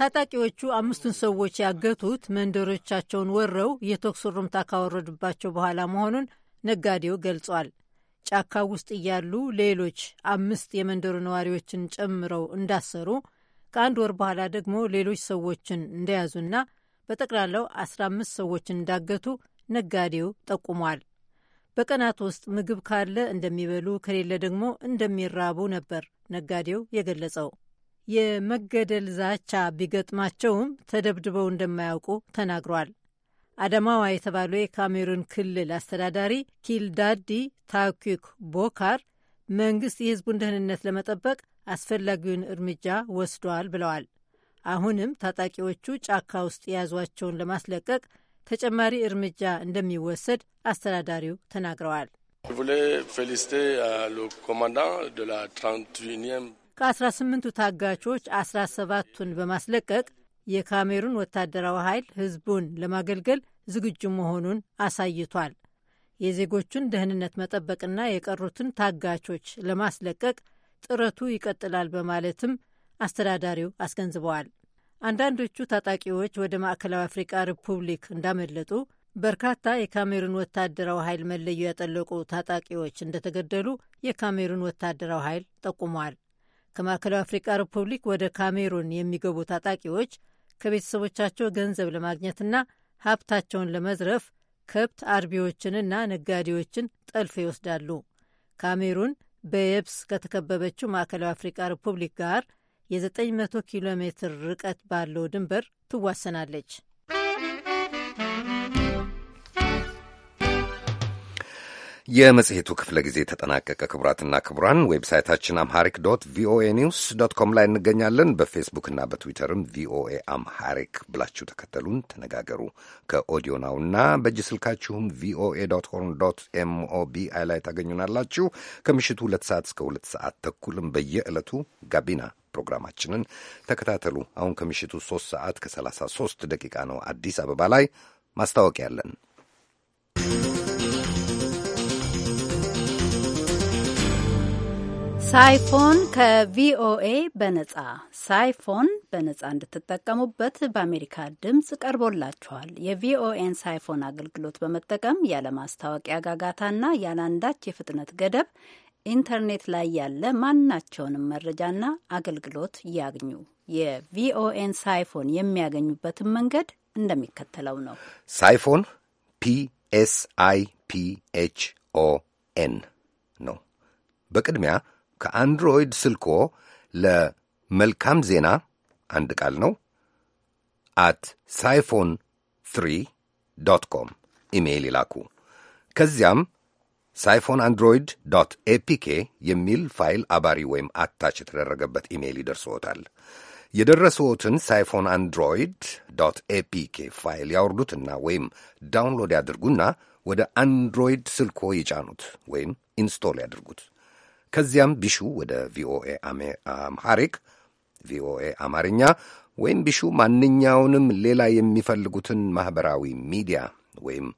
D: ታጣቂዎቹ አምስቱን ሰዎች ያገቱት መንደሮቻቸውን ወረው የተኩስ ሩምታ ካወረዱባቸው በኋላ መሆኑን ነጋዴው ገልጿል። ጫካ ውስጥ እያሉ ሌሎች አምስት የመንደሩ ነዋሪዎችን ጨምረው እንዳሰሩ ከአንድ ወር በኋላ ደግሞ ሌሎች ሰዎችን እንደያዙና በጠቅላላው 15 ሰዎችን እንዳገቱ ነጋዴው ጠቁሟል። በቀናት ውስጥ ምግብ ካለ እንደሚበሉ ከሌለ ደግሞ እንደሚራቡ ነበር ነጋዴው የገለጸው። የመገደል ዛቻ ቢገጥማቸውም ተደብድበው እንደማያውቁ ተናግሯል። አዳማዋ የተባሉ የካሜሩን ክልል አስተዳዳሪ ኪልዳዲ ታኩክ ቦካር መንግስት የህዝቡን ደህንነት ለመጠበቅ አስፈላጊውን እርምጃ ወስዷል ብለዋል። አሁንም ታጣቂዎቹ ጫካ ውስጥ የያዟቸውን ለማስለቀቅ ተጨማሪ እርምጃ እንደሚወሰድ አስተዳዳሪው ተናግረዋል። euh, ከ18ቱ ታጋቾች 17ቱን በማስለቀቅ የካሜሩን ወታደራዊ ኃይል ህዝቡን ለማገልገል ዝግጁ መሆኑን አሳይቷል። የዜጎቹን ደህንነት መጠበቅና የቀሩትን ታጋቾች ለማስለቀቅ ጥረቱ ይቀጥላል በማለትም አስተዳዳሪው አስገንዝበዋል። አንዳንዶቹ ታጣቂዎች ወደ ማዕከላዊ አፍሪቃ ሪፑብሊክ እንዳመለጡ፣ በርካታ የካሜሩን ወታደራዊ ኃይል መለዩ ያጠለቁ ታጣቂዎች እንደተገደሉ የካሜሩን ወታደራዊ ኃይል ጠቁሟል። ከማዕከላዊ አፍሪቃ ሪፑብሊክ ወደ ካሜሩን የሚገቡ ታጣቂዎች ከቤተሰቦቻቸው ገንዘብ ለማግኘትና ሀብታቸውን ለመዝረፍ ከብት አርቢዎችንና ነጋዴዎችን ጠልፎ ይወስዳሉ። ካሜሩን በየብስ ከተከበበችው ማዕከላዊ አፍሪቃ ሪፑብሊክ ጋር የ900 ኪሎ ሜትር ርቀት ባለው ድንበር ትዋሰናለች።
A: የመጽሔቱ ክፍለ ጊዜ ተጠናቀቀ። ክቡራትና ክቡራን ዌብሳይታችን አምሃሪክ ዶት ቪኦኤ ኒውስ ዶት ኮም ላይ እንገኛለን። በፌስቡክና በትዊተርም ቪኦኤ አምሃሪክ ብላችሁ ተከተሉን፣ ተነጋገሩ። ከኦዲዮ ናውና በእጅ ስልካችሁም ቪኦኤ ዶት ሆርን ዶት ኤምኦቢአይ ላይ ታገኙናላችሁ። ከምሽቱ ሁለት ሰዓት እስከ ሁለት ሰዓት ተኩልም በየዕለቱ ጋቢና ፕሮግራማችንን ተከታተሉ። አሁን ከምሽቱ ሶስት ሰዓት ከሰላሳ ሶስት ደቂቃ ነው አዲስ አበባ ላይ ማስታወቂያ አለን።
B: ሳይፎን ከቪኦኤ በነጻ ሳይፎን በነጻ እንድትጠቀሙበት በአሜሪካ ድምፅ ቀርቦላችኋል። የቪኦኤን ሳይፎን አገልግሎት በመጠቀም ያለማስታወቂያ ጋጋታና ያለአንዳች የፍጥነት ገደብ ኢንተርኔት ላይ ያለ ማናቸውንም መረጃና አገልግሎት ያግኙ። የቪኦኤን ሳይፎን የሚያገኙበትን መንገድ እንደሚከተለው ነው።
A: ሳይፎን ፒኤስአይፒኤችኦኤን ነው። በቅድሚያ ከአንድሮይድ ስልኮ ለመልካም ዜና አንድ ቃል ነው አት ሳይፎን ትሪ ዶት ኮም ኢሜይል ይላኩ። ከዚያም ሳይፎን አንድሮይድ ዶት ኤፒኬ የሚል ፋይል አባሪ ወይም አታች የተደረገበት ኢሜይል ይደርስዎታል። የደረሰዎትን ሳይፎን አንድሮይድ ዶት ኤፒኬ ፋይል ያወርዱትና ወይም ዳውንሎድ ያድርጉና ወደ አንድሮይድ ስልኮ ይጫኑት ወይም ኢንስቶል ያድርጉት። ከዚያም ቢሹ ወደ ቪኦኤ አምሃሪክ ቪኦኤ አማርኛ ወይም ቢሹ ማንኛውንም ሌላ የሚፈልጉትን ማኅበራዊ ሚዲያ ወይም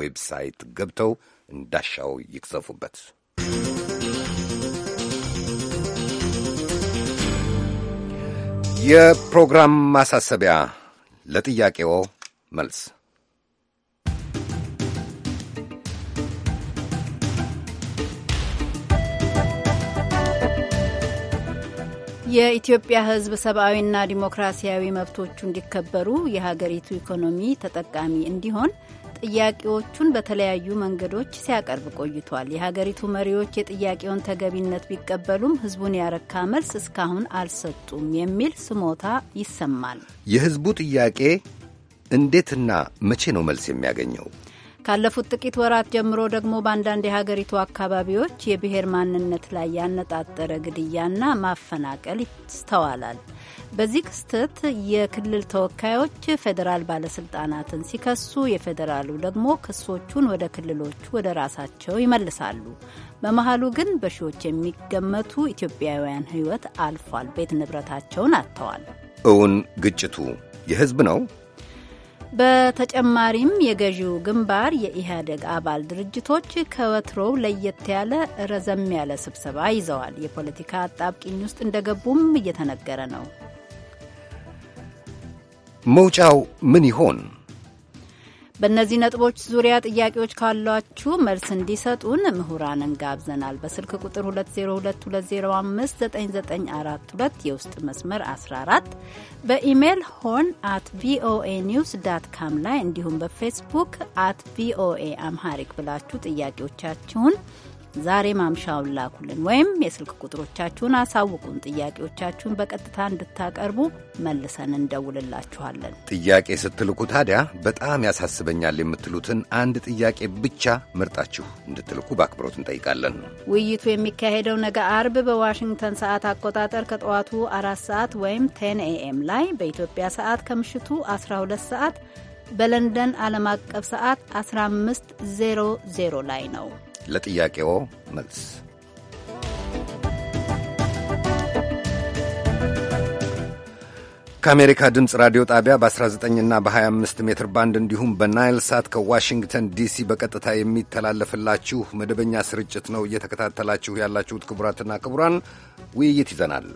A: ዌብሳይት ገብተው እንዳሻው ይክሰፉበት። የፕሮግራም ማሳሰቢያ ለጥያቄዎ መልስ
B: የኢትዮጵያ ሕዝብ ሰብአዊና ዲሞክራሲያዊ መብቶቹ እንዲከበሩ የሀገሪቱ ኢኮኖሚ ተጠቃሚ እንዲሆን ጥያቄዎቹን በተለያዩ መንገዶች ሲያቀርብ ቆይቷል። የሀገሪቱ መሪዎች የጥያቄውን ተገቢነት ቢቀበሉም ህዝቡን ያረካ መልስ እስካሁን አልሰጡም የሚል ስሞታ ይሰማል።
A: የህዝቡ ጥያቄ እንዴትና መቼ ነው መልስ የሚያገኘው?
B: ካለፉት ጥቂት ወራት ጀምሮ ደግሞ በአንዳንድ የሀገሪቱ አካባቢዎች የብሔር ማንነት ላይ ያነጣጠረ ግድያና ማፈናቀል ይስተዋላል። በዚህ ክስተት የክልል ተወካዮች ፌዴራል ባለስልጣናትን ሲከሱ፣ የፌዴራሉ ደግሞ ክሶቹን ወደ ክልሎቹ ወደ ራሳቸው ይመልሳሉ። በመሀሉ ግን በሺዎች የሚገመቱ ኢትዮጵያውያን ሕይወት አልፏል። ቤት ንብረታቸውን አጥተዋል።
A: እውን ግጭቱ
B: የህዝብ ነው በተጨማሪም የገዢው ግንባር የኢህአዴግ አባል ድርጅቶች ከወትሮው ለየት ያለ ረዘም ያለ ስብሰባ ይዘዋል። የፖለቲካ አጣብቂኝ ውስጥ እንደገቡም እየተነገረ ነው።
A: መውጫው ምን ይሆን?
B: በእነዚህ ነጥቦች ዙሪያ ጥያቄዎች ካሏችሁ መልስ እንዲሰጡን ምሁራንን ጋብዘናል። በስልክ ቁጥር 2022059942 የውስጥ መስመር 14 በኢሜይል ሆን አት ቪኦኤ ኒውስ ዳት ካም ላይ እንዲሁም በፌስቡክ አት ቪኦኤ አምሃሪክ ብላችሁ ጥያቄዎቻችሁን ዛሬ ማምሻውን ላኩልን ወይም የስልክ ቁጥሮቻችሁን አሳውቁን። ጥያቄዎቻችሁን በቀጥታ እንድታቀርቡ መልሰን እንደውልላችኋለን።
A: ጥያቄ ስትልኩ ታዲያ በጣም ያሳስበኛል የምትሉትን አንድ ጥያቄ ብቻ መርጣችሁ እንድትልኩ በአክብሮት እንጠይቃለን።
B: ውይይቱ የሚካሄደው ነገ አርብ በዋሽንግተን ሰዓት አቆጣጠር ከጠዋቱ አራት ሰዓት ወይም ቴን ኤኤም ላይ በኢትዮጵያ ሰዓት ከምሽቱ 12 ሰዓት በለንደን ዓለም አቀፍ ሰዓት 1500 ላይ ነው።
A: ለጥያቄዎ መልስ ከአሜሪካ ድምፅ ራዲዮ ጣቢያ በ19 እና በ25 ሜትር ባንድ እንዲሁም በናይል ሳት ከዋሽንግተን ዲሲ በቀጥታ የሚተላለፍላችሁ መደበኛ ስርጭት ነው እየተከታተላችሁ ያላችሁት። ክቡራትና ክቡራን ውይይት ይዘናል።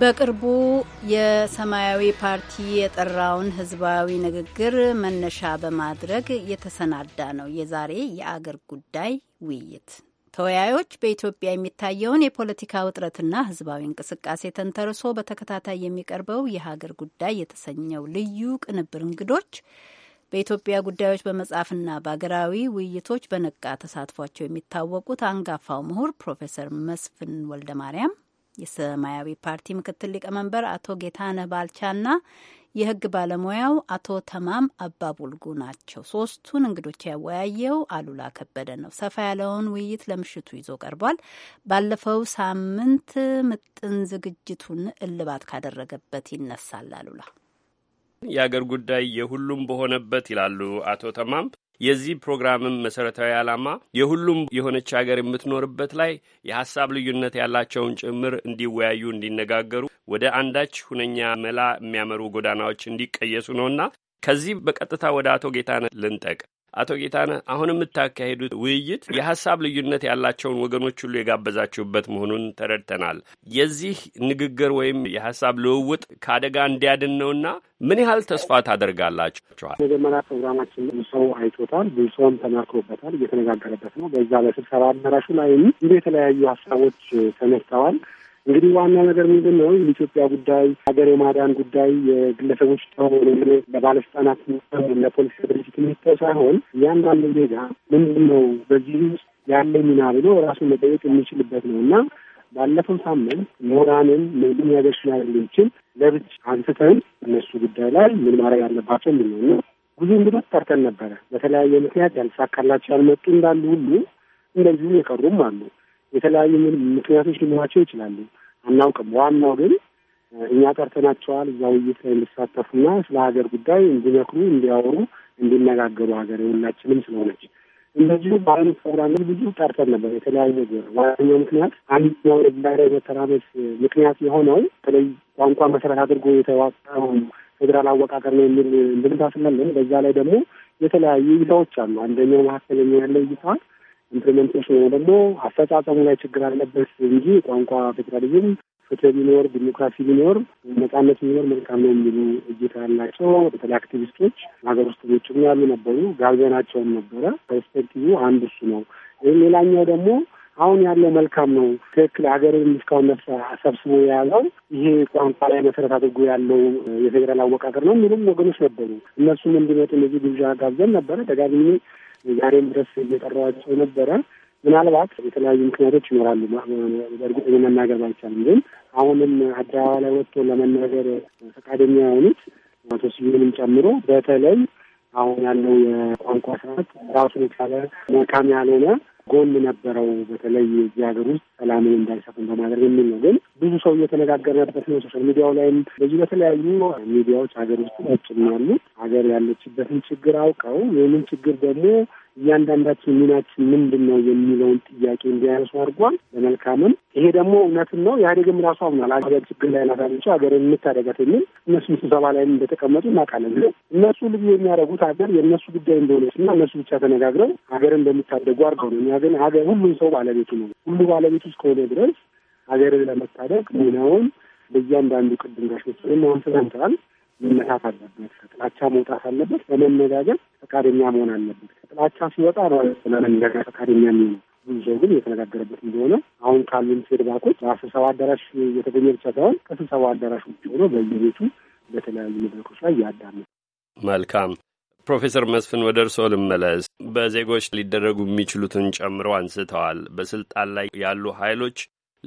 B: በቅርቡ የሰማያዊ ፓርቲ የጠራውን ህዝባዊ ንግግር መነሻ በማድረግ የተሰናዳ ነው የዛሬ የአገር ጉዳይ ውይይት። ተወያዮች በኢትዮጵያ የሚታየውን የፖለቲካ ውጥረትና ህዝባዊ እንቅስቃሴ ተንተርሶ በተከታታይ የሚቀርበው የሀገር ጉዳይ የተሰኘው ልዩ ቅንብር እንግዶች በኢትዮጵያ ጉዳዮች በመጻፍና በአገራዊ ውይይቶች በነቃ ተሳትፏቸው የሚታወቁት አንጋፋው ምሁር ፕሮፌሰር መስፍን ወልደ ማርያም የሰማያዊ ፓርቲ ምክትል ሊቀመንበር አቶ ጌታነህ ባልቻና የህግ ባለሙያው አቶ ተማም አባቡልጉ ናቸው። ሶስቱን እንግዶች ያወያየው አሉላ ከበደ ነው። ሰፋ ያለውን ውይይት ለምሽቱ ይዞ ቀርቧል። ባለፈው ሳምንት ምጥን ዝግጅቱን እልባት ካደረገበት ይነሳል። አሉላ
E: የአገር ጉዳይ የሁሉም በሆነበት ይላሉ አቶ ተማም የዚህ ፕሮግራምም መሰረታዊ ዓላማ የሁሉም የሆነች ሀገር የምትኖርበት ላይ የሀሳብ ልዩነት ያላቸውን ጭምር እንዲወያዩ፣ እንዲነጋገሩ ወደ አንዳች ሁነኛ መላ የሚያመሩ ጎዳናዎች እንዲቀየሱ ነውና ከዚህ በቀጥታ ወደ አቶ ጌታነ ልንጠቅ አቶ ጌታነህ አሁን የምታካሄዱት ውይይት የሀሳብ ልዩነት ያላቸውን ወገኖች ሁሉ የጋበዛችሁበት መሆኑን ተረድተናል። የዚህ ንግግር ወይም የሀሳብ ልውውጥ ከአደጋ እንዲያድን ነውና ምን ያህል ተስፋ ታደርጋላችኋል?
F: መጀመሪያ ፕሮግራማችን ብዙ ሰው አይቶታል፣ ብዙ ሰውም ተመርክሮበታል፣ እየተነጋገረበት ነው። በዛ ለስብሰባ አዳራሹ ላይም የተለያዩ ሀሳቦች ተነስተዋል። እንግዲህ ዋና ነገር ምንድን ነው? የኢትዮጵያ ጉዳይ፣ ሀገር የማዳን ጉዳይ የግለሰቦች ሆነ ለባለስልጣናት ለፖሊስ ድርጅት የሚተው ሳይሆን እያንዳንዱ ዜጋ ምንድን ነው በዚህ ውስጥ ያለ ሚና ብሎ ራሱን መጠየቅ የሚችልበት ነው እና ባለፈው ሳምንት ምሁራንን ምንም ያገር ሽማግሌዎችን ለብቻ አንስተን እነሱ ጉዳይ ላይ ምን ማድረግ አለባቸው ምን ነው ብዙ እንግዶች ጠርተን ነበረ። በተለያየ ምክንያት ያልተሳካላቸው ያልመጡ እንዳሉ ሁሉ እንደዚሁ የቀሩም አሉ። የተለያዩ ምክንያቶች ሊኖራቸው ይችላሉ፣ አናውቅም። ዋናው ግን እኛ ጠርተናቸዋል እዛ ውይይት ላይ እንዲሳተፉና ስለ ሀገር ጉዳይ እንዲመክሩ፣ እንዲያወሩ፣ እንዲነጋገሩ ሀገር የሁላችንም ስለሆነች እንደዚሁ በአሁኑ ፕሮግራም ብዙ ጠርተን ነበር። የተለያዩ ነገር ዋነኛው ምክንያት አንድኛው ዳይራዊ መተራመስ ምክንያት የሆነው በተለይ ቋንቋ መሰረት አድርጎ የተዋቀረው ፌዴራል አወቃቀር ነው የሚል እንድምታ ስላለን፣ በዛ ላይ ደግሞ የተለያዩ እይታዎች አሉ። አንደኛው መካከለኛ ያለው እይታ ኢምፕሊሜንቴሽን ወይ ደግሞ አፈጻጸሙ ላይ ችግር አለበት እንጂ ቋንቋ ፌዴራሊዝም ፍትህ ቢኖር ዲሞክራሲ ቢኖር ነጻነት ቢኖር መልካም ነው የሚሉ እይታ ያላቸው በተለይ አክቲቪስቶች ሀገር ውስጥ ውጭም ያሉ ነበሩ። ጋብዘናቸውም ነበረ። ፐርስፔክቲቭ አንድ እሱ ነው። ይህም ሌላኛው ደግሞ አሁን ያለው መልካም ነው ትክክል ሀገርን እስካሁን መስ ሰብስቦ የያዘው ይሄ ቋንቋ ላይ መሰረት አድርጎ ያለው የፌዴራል አወቃቀር ነው የሚሉም ወገኖች ነበሩ። እነሱም እንዲመጡ እነዚህ ግብዣ ጋብዘን ነበረ። ደጋግሜ ዛሬም ድረስ እየጠራቸው ነበረ። ምናልባት የተለያዩ ምክንያቶች ይኖራሉ፣ በእርግጥ መናገር ባይቻልም፣ ግን አሁንም አደባባይ ላይ ወጥቶ ለመናገር ፈቃደኛ የሆኑት አቶ ስዩንም ጨምሮ በተለይ አሁን ያለው የቋንቋ ስርዓት ራሱን የቻለ መልካም ያልሆነ ጎን ነበረው። በተለይ እዚህ ሀገር ውስጥ ሰላምን እንዳይሰፍን በማድረግ የሚል ነው። ግን ብዙ ሰው እየተነጋገርንበት ነው። ሶሻል ሚዲያው ላይም በዚህ በተለያዩ ሚዲያዎች ሀገር ውስጥ ውጭም ያሉ ሀገር ያለችበትን ችግር አውቀው ይህንን ችግር ደግሞ እያንዳንዳችን ሚናችን ምንድን ነው የሚለውን ጥያቄ እንዲያነሱ አድርጓል። በመልካምም ይሄ ደግሞ እውነትም ነው። ኢህአዴግም ራሱ አምኗል። ሀገር ችግር ላይ ናት አለች ሀገር የምታደጋት የሚል እነሱ ስብሰባ ላይም እንደተቀመጡ እናውቃለን። ግን እነሱ ልዩ የሚያደርጉት ሀገር የእነሱ ጉዳይ እንደሆነች እና እነሱ ብቻ ተነጋግረው ሀገርን እንደሚታደጉ አድርገው ነው። እኛ ግን ሀገር ሁሉም ሰው ባለቤቱ ነው። ሁሉ ባለቤቱ እስከሆነ ድረስ ሀገርን ለመታደግ ሚናውን በእያንዳንዱ ቅድም ጋሽም አንስተዋል መነሳት አለበት። ከጥላቻ መውጣት አለበት። በመነጋገር ፈቃደኛ መሆን አለበት። ከጥላቻ ሲወጣ ለመነጋገር ፈቃደኛ የሚሆነ ብዙ ሰው ግን እየተነጋገረበት እንደሆነ አሁን ካሉን ፌድባኮች በስብሰባ አዳራሽ እየተገኘ ብቻ ሳይሆን ከስብሰባ አዳራሽ ውጭ ሆኖ በየቤቱ በተለያዩ መድረኮች ላይ ያዳነ
E: መልካም ፕሮፌሰር መስፍን ወደ እርስዎ ልመለስ። በዜጎች ሊደረጉ የሚችሉትን ጨምሮ አንስተዋል። በስልጣን ላይ ያሉ ኃይሎች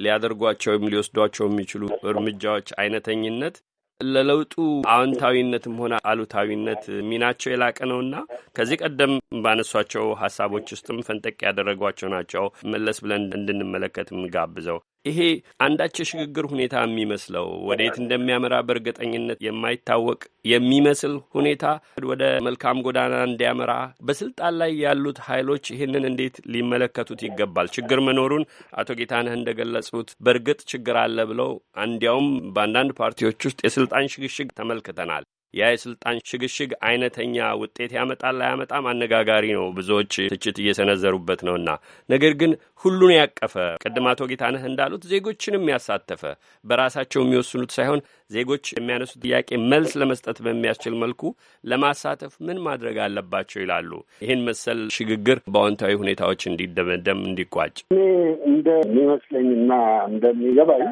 E: ሊያደርጓቸው ወይም ሊወስዷቸው የሚችሉ እርምጃዎች አይነተኝነት ለለውጡ አዎንታዊነትም ሆነ አሉታዊነት ሚናቸው የላቀ ነውና ከዚህ ቀደም ባነሷቸው ሀሳቦች ውስጥም ፈንጠቅ ያደረጓቸው ናቸው። መለስ ብለን እንድንመለከት የምጋብዘው ይሄ አንዳች የሽግግር ሁኔታ የሚመስለው ወዴት እንደሚያመራ በእርግጠኝነት የማይታወቅ የሚመስል ሁኔታ ወደ መልካም ጎዳና እንዲያመራ በስልጣን ላይ ያሉት ኃይሎች ይህንን እንዴት ሊመለከቱት ይገባል? ችግር መኖሩን አቶ ጌታነህ እንደገለጹት በእርግጥ ችግር አለ ብለው እንዲያውም በአንዳንድ ፓርቲዎች ውስጥ የስልጣን ሽግሽግ ተመልክተናል። ያ የስልጣን ሽግሽግ አይነተኛ ውጤት ያመጣል አያመጣም አነጋጋሪ ነው። ብዙዎች ትችት እየሰነዘሩበት ነውና፣ ነገር ግን ሁሉን ያቀፈ ቅድም አቶ ጌታነህ እንዳሉት ዜጎችንም ያሳተፈ በራሳቸው የሚወስኑት ሳይሆን ዜጎች የሚያነሱት ጥያቄ መልስ ለመስጠት በሚያስችል መልኩ ለማሳተፍ ምን ማድረግ አለባቸው ይላሉ። ይህን መሰል ሽግግር በአዎንታዊ ሁኔታዎች እንዲደመደም እንዲቋጭ
F: እንደሚመስለኝና እንደሚገባኝ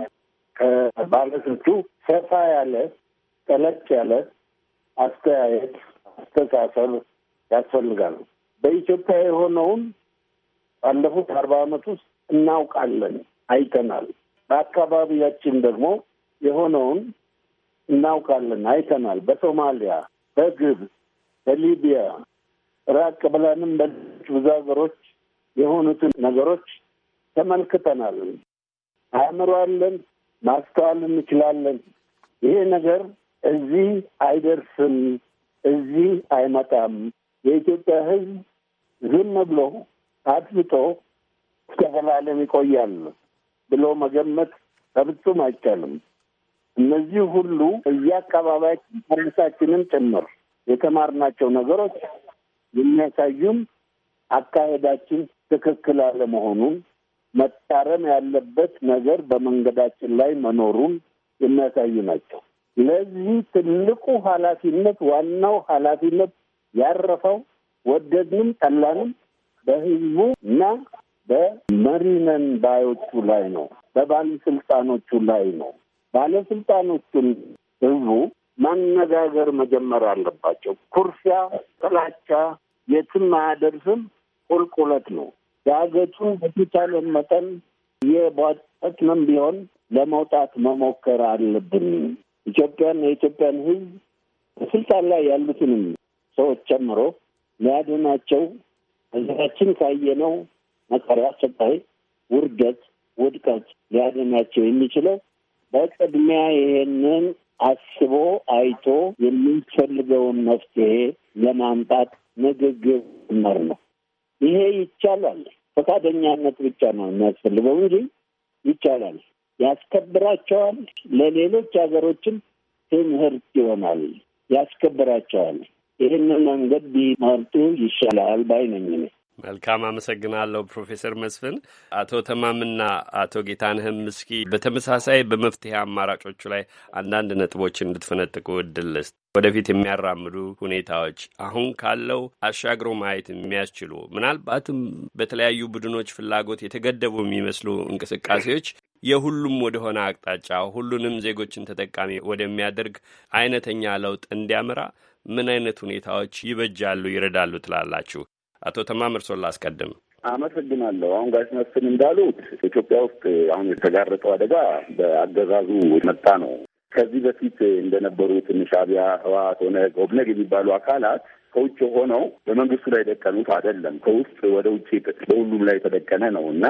F: ከባለስልቱ ሰፋ ያለ ጠለቅ ያለ አስተያየት፣ አስተሳሰብ ያስፈልጋሉ። በኢትዮጵያ የሆነውን ባለፉት አርባ ዓመት ውስጥ እናውቃለን፣ አይተናል። በአካባቢያችን ደግሞ የሆነውን እናውቃለን፣ አይተናል። በሶማሊያ፣ በግብፅ፣ በሊቢያ ራቅ ብለንም በሌሎች ብዙ ሀገሮች የሆኑትን ነገሮች ተመልክተናል። አእምሮ አለን፣ ማስተዋል እንችላለን። ይሄ ነገር እዚህ አይደርስም፣ እዚህ አይመጣም። የኢትዮጵያ ሕዝብ ዝም ብሎ አድፍጦ እስከ ዘላለም ይቆያል ብሎ መገመት በፍጹም አይቻልም። እነዚህ ሁሉ እየአካባቢያችን ከራሳችንም ጭምር የተማርናቸው ነገሮች የሚያሳዩም አካሄዳችን ትክክል አለመሆኑን መታረም ያለበት ነገር በመንገዳችን ላይ መኖሩን የሚያሳዩ ናቸው። ለዚህ ትልቁ ኃላፊነት ዋናው ኃላፊነት ያረፈው ወደድንም ጠላንም በህዝቡ እና በመሪነን ባዮቹ ላይ ነው፣ በባለስልጣኖቹ ላይ ነው። ባለስልጣኖቹን ህዝቡ ማነጋገር መጀመር አለባቸው። ኩርፊያ፣ ጥላቻ የትም አያደርስም፣ ቁልቁለት ነው። ዳገቱን በተቻለን መጠን የቧጠጥንም ቢሆን ለመውጣት መሞከር አለብን። ኢትዮጵያን የኢትዮጵያን ህዝብ ስልጣን ላይ ያሉትንም ሰዎች ጨምሮ ሊያድናቸው ህዝባችን ካየነው መከራ፣ ስቃይ፣ ውርደት፣ ውድቀት ሊያድናቸው የሚችለው በቅድሚያ ይሄንን አስቦ አይቶ የሚፈልገውን መፍትሄ ለማምጣት ንግግር መር ነው። ይሄ ይቻላል። ፈቃደኛነት ብቻ ነው የሚያስፈልገው እንጂ ይቻላል። ያስከብራቸዋል። ለሌሎች ሀገሮችም ትምህርት ይሆናል፣ ያስከብራቸዋል። ይህንን መንገድ ቢመርጡ ይሻላል ባይ ነኝ
E: መልካም አመሰግናለሁ ፕሮፌሰር መስፍን። አቶ ተማምና አቶ ጌታንህም እስኪ በተመሳሳይ በመፍትሄ አማራጮቹ ላይ አንዳንድ ነጥቦች እንድትፈነጥቁ እድል ልስጥ። ወደፊት የሚያራምዱ ሁኔታዎች አሁን ካለው አሻግሮ ማየት የሚያስችሉ ምናልባትም በተለያዩ ቡድኖች ፍላጎት የተገደቡ የሚመስሉ እንቅስቃሴዎች የሁሉም ወደሆነ አቅጣጫ ሁሉንም ዜጎችን ተጠቃሚ ወደሚያደርግ አይነተኛ ለውጥ እንዲያመራ ምን አይነት ሁኔታዎች ይበጃሉ፣ ይረዳሉ ትላላችሁ? አቶ ተማም እርሶን ላስቀድም።
F: አመሰግናለሁ። አሁን ጋሽ መስፍን እንዳሉት ኢትዮጵያ ውስጥ አሁን የተጋረጠው አደጋ በአገዛዙ መጣ ነው። ከዚህ በፊት እንደነበሩ ትንሽ አብያ፣ ህወሓት፣ ኦነግ፣ ኦብነግ የሚባሉ አካላት ከውጭ ሆነው በመንግስቱ ላይ ደቀኑት አይደለም። ከውስጥ ወደ ውጭ በሁሉም ላይ የተደቀነ ነው እና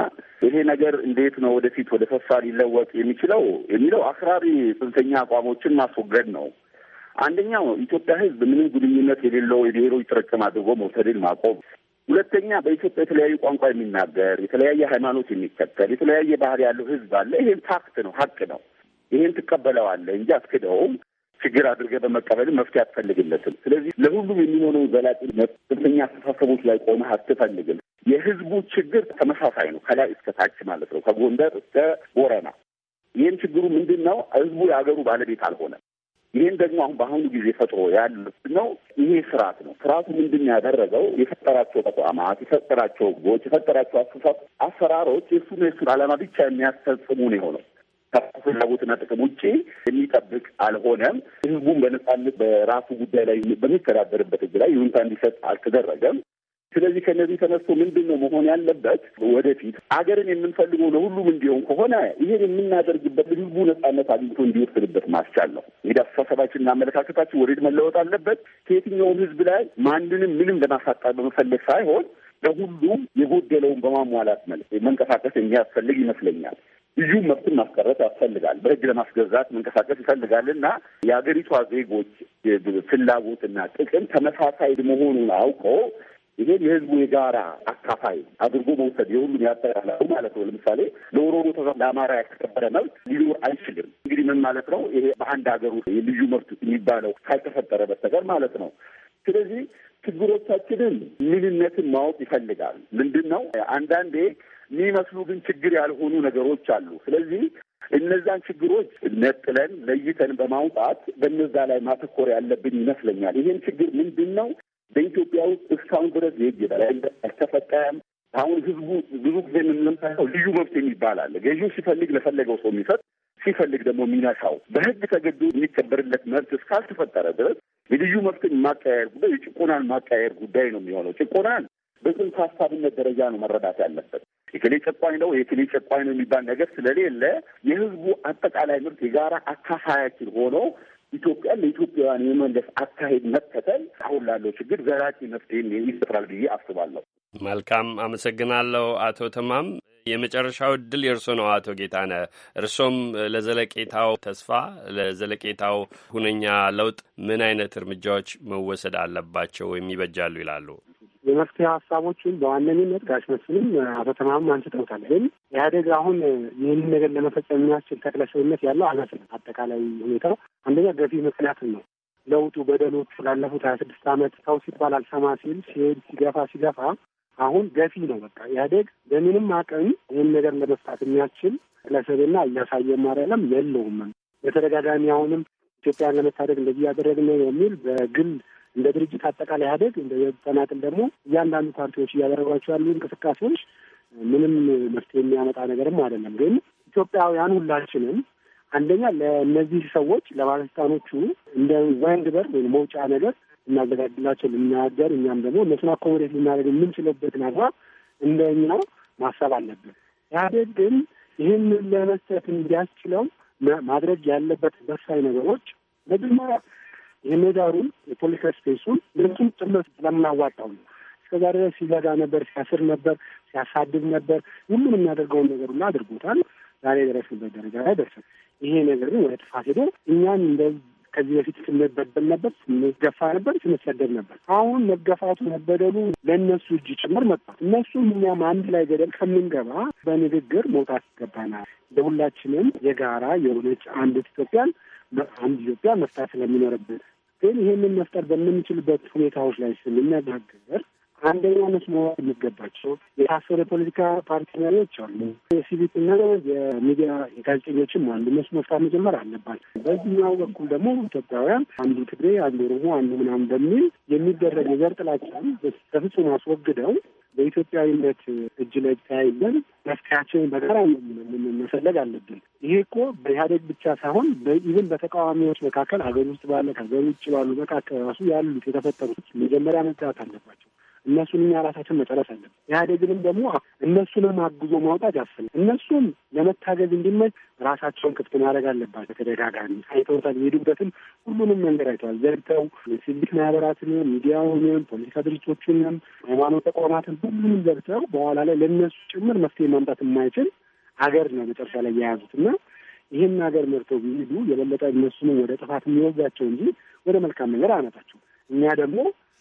F: ይሄ ነገር እንዴት ነው ወደፊት ወደ ፈሳ ሊለወጥ የሚችለው የሚለው አክራሪ ጽንፈኛ አቋሞችን ማስወገድ ነው። አንደኛው ኢትዮጵያ ሕዝብ ምንም ግንኙነት የሌለው የብሔሮች ጥርቅም አድርጎ መውሰድን ማቆም። ሁለተኛ በኢትዮጵያ የተለያዩ ቋንቋ የሚናገር የተለያየ ሃይማኖት የሚከተል የተለያየ ባህል ያለው ህዝብ አለ። ይሄም ፋክት ነው፣ ሀቅ ነው። ይሄን ትቀበለዋለህ እንጂ አትክደውም። ችግር አድርገህ በመቀበል መፍትሄ አትፈልግለትም። ስለዚህ ለሁሉም የሚሆነው ዘላቂ መፍትኛ አስተሳሰቦች ላይ ቆመህ አትፈልግም። የህዝቡ ችግር ተመሳሳይ ነው፣ ከላይ እስከ ታች ማለት ነው፣ ከጎንደር እስከ ቦረና። ይህም ችግሩ ምንድን ነው? ህዝቡ የሀገሩ ባለቤት አልሆነም። ይህን ደግሞ አሁን በአሁኑ ጊዜ ፈጥሮ ያሉት ነው። ይሄ ስርዓት ነው። ስርዓቱ ምንድን ያደረገው የፈጠራቸው ተቋማት፣ የፈጠራቸው ህጎች፣ የፈጠራቸው አስተሳሰብ አሰራሮች የእሱን የእሱን ዓላማ ብቻ የሚያስፈጽሙ ነው የሆነው ከፍላጎትና ጥቅም ውጭ የሚጠብቅ አልሆነም። ህዝቡን በነፃነት በራሱ ጉዳይ ላይ በሚተዳደርበት ህግ ላይ ይሁንታ እንዲሰጥ አልተደረገም። ስለዚህ ከእነዚህ ተነስቶ ምንድን ነው መሆን ያለበት? ወደፊት አገርን የምንፈልገው ለሁሉም እንዲሆን ከሆነ ይሄን የምናደርግበት ህዝቡ ነፃነት አግኝቶ እንዲወስንበት ማስቻል ነው። እንግዲህ አስተሳሰባችንና አመለካከታችን ወደድ መለወጥ አለበት። ከየትኛውም ህዝብ ላይ ማንንም ምንም ለማሳጣት በመፈለግ ሳይሆን ለሁሉም የጎደለውን በማሟላት መንቀሳቀስ የሚያስፈልግ ይመስለኛል። ልዩ መብትን ማስቀረት ያስፈልጋል። በህግ ለማስገዛት መንቀሳቀስ ይፈልጋል እና የሀገሪቷ ዜጎች ፍላጎትና ጥቅም ተመሳሳይ መሆኑን አውቆ ይሄን የህዝቡ የጋራ አካፋይ አድርጎ መውሰድ የሁሉም ያጠቃላሉ ማለት ነው። ለምሳሌ ለኦሮሞ ተዛ ለአማራ ያልተከበረ መብት ሊኖር አይችልም። እንግዲህ ምን ማለት ነው? ይሄ በአንድ ሀገር ውስጥ የልዩ መብት የሚባለው ካልተፈጠረ በስተቀር ማለት ነው። ስለዚህ ችግሮቻችንን ምንነትን ማወቅ ይፈልጋል። ምንድን ነው አንዳንዴ የሚመስሉ ግን ችግር ያልሆኑ ነገሮች አሉ። ስለዚህ እነዛን ችግሮች ነጥለን ለይተን በማውጣት በነዛ ላይ ማተኮር ያለብን ይመስለኛል። ይህን ችግር ምንድን ነው? በኢትዮጵያ ውስጥ እስካሁን ድረስ የህግ የበላይነት አልተፈጠረም። አሁን ህዝቡ ብዙ ጊዜ የምንምታው ልዩ መብት የሚባል አለ። ገዢው ሲፈልግ ለፈለገው ሰው የሚሰጥ ሲፈልግ ደግሞ የሚነሳው በህግ ተገዶ የሚከበርለት መብት እስካልተፈጠረ ድረስ የልዩ መብትን ማቀያየር ጉዳይ የጭቆናን ማቀያየር ጉዳይ ነው የሚሆነው። ጭቆናን በጽንሰ ሀሳብነት ደረጃ ነው መረዳት ያለበት። የክሌ ጨቋኝ ነው የክሌ ጨቋኝ ነው የሚባል ነገር ስለሌለ የህዝቡ አጠቃላይ ምርት የጋራ አካፋያችን ሆኖ ኢትዮጵያን ለኢትዮጵያውያን የመለስ አካሄድ መከተል አሁን ላለው ችግር ዘላቂ መፍትሄ ይፈጥራል ብዬ አስባለሁ።
E: መልካም አመሰግናለሁ። አቶ ተማም የመጨረሻው እድል የእርሶ ነው። አቶ ጌታነህ እርሶም ለዘለቄታው ተስፋ ለዘለቄታው ሁነኛ ለውጥ ምን አይነት እርምጃዎች መወሰድ አለባቸው ወይም ይበጃሉ ይላሉ?
F: የመፍትሄ ሀሳቦችን በዋነኝነት ጋሽ መስልም አቶ ተማምም አንስተውታል። ግን ኢህአዴግ አሁን ይህንን ነገር ለመፈጸም የሚያስችል ተክለሰውነት ያለው አይመስልም። አጠቃላይ ሁኔታው አንደኛ ገፊ ምክንያትም ነው ለውጡ በደሎቹ ላለፉት ሀያ ስድስት ዓመት ሰው ሲባል አልሰማ ሲል ሲሄድ ሲገፋ ሲገፋ አሁን ገፊ ነው። በቃ ኢህአዴግ በምንም አቅም ይህን ነገር ለመፍታት የሚያስችል ግለሰብና እያሳየ ማርያለም የለውም። በተደጋጋሚ አሁንም ኢትዮጵያን ለመታደግ እንደዚህ ያደረግን ነው የሚል በግል እንደ ድርጅት አጠቃላይ ኢህአዴግ እንደ ተናጥል ደግሞ እያንዳንዱ ፓርቲዎች እያደረጓቸው ያሉ እንቅስቃሴዎች ምንም መፍትሄ የሚያመጣ ነገርም አይደለም። ግን ኢትዮጵያውያን ሁላችንም አንደኛ ለእነዚህ ሰዎች ለባለስልጣኖቹ እንደ ወንድ በር ወይም መውጫ ነገር እናዘጋጅላቸው ልናገር እኛም ደግሞ እነሱን አኮሞዴት ልናደርግ የምንችልበትን አግባብ እንደኛ ማሰብ አለብን። ኢህአዴግ ግን ይህንን ለመስጠት እንዲያስችለው ማድረግ ያለበት በሳይ ነገሮች መጀመሪያ የሜዳሩን የፖለቲካ ስፔሱን ለሱም ጭምር ስለምናዋጣው ነው። እስከዛ ድረስ ሲዘጋ ነበር፣ ሲያስር ነበር፣ ሲያሳድግ ነበር። ሁሉም የሚያደርገውን ነገር ሁሉ አድርጎታል። ዛሬ የደረስንበት ደረጃ ላይ ደርሰን ይሄ ነገር ግን ወደ ጥፋት ሄዶ እኛም እንደ ከዚህ በፊት ስንበደል ነበር፣ ስንገፋ ነበር፣ ስንሰደድ ነበር። አሁን መገፋቱ መበደሉ ለእነሱ እጅ ጭምር መጥቷል። እነሱም እኛም አንድ ላይ ገደል ከምንገባ በንግግር መውጣት ይገባናል። ለሁላችንም የጋራ የሆነች አንዲት ኢትዮጵያን አንድ ኢትዮጵያ መፍታት ስለሚኖርብን ግን ይህንን መፍጠር በምንችልበት ሁኔታዎች ላይ ስንነጋገር አንደኛ መዋል የሚገባቸው የታሰሩ የፖለቲካ ፓርቲ መሪዎች አሉ። የሲቪክና የሚዲያ የጋዜጠኞችም አንዱ መስመፍታ መጀመር አለባት። በዚህኛው በኩል ደግሞ ኢትዮጵያውያን አንዱ ትግሬ፣ አንዱ ኦሮሞ፣ አንዱ ምናምን በሚል የሚደረግ የዘር ጥላቻን በፍጹም አስወግደው በኢትዮጵያዊነት እጅ ለእጅ ተያይዘን መፍትሄያችንን በጋራ መፈለግ አለብን። ይሄ እኮ በኢህአዴግ ብቻ ሳይሆን በኢብን በተቃዋሚዎች መካከል ሀገር ውስጥ ባለ ከሀገር ውጭ ባሉ መካከል ራሱ ያሉት የተፈጠሩት መጀመሪያ መጽት አለባቸው። እነሱን እኛ ራሳችን መጨረስ አለን። ኢህአዴግንም ደግሞ እነሱንም አግዞ ማውጣት ያስፈል እነሱም ለመታገዝ እንዲመች ራሳቸውን ክፍት ማድረግ አለባቸው። ተደጋጋሚ አይተውታል። የሄዱበትን ሁሉንም መንገድ አይተዋል። ዘግተው ሲቪክ ማህበራትንም፣ ሚዲያውንም፣ ፖለቲካ ድርጅቶችንም፣ ሃይማኖት ተቋማትን ሁሉንም ዘግተው በኋላ ላይ ለእነሱ ጭምር መፍትሄ ማምጣት የማይችል ሀገር ነው መጨረሻ ላይ የያዙት እና ይህን ሀገር መርተው ቢሄዱ የበለጠ እነሱንም ወደ ጥፋት የሚወዛቸው እንጂ ወደ መልካም ነገር አያመጣቸው። እኛ ደግሞ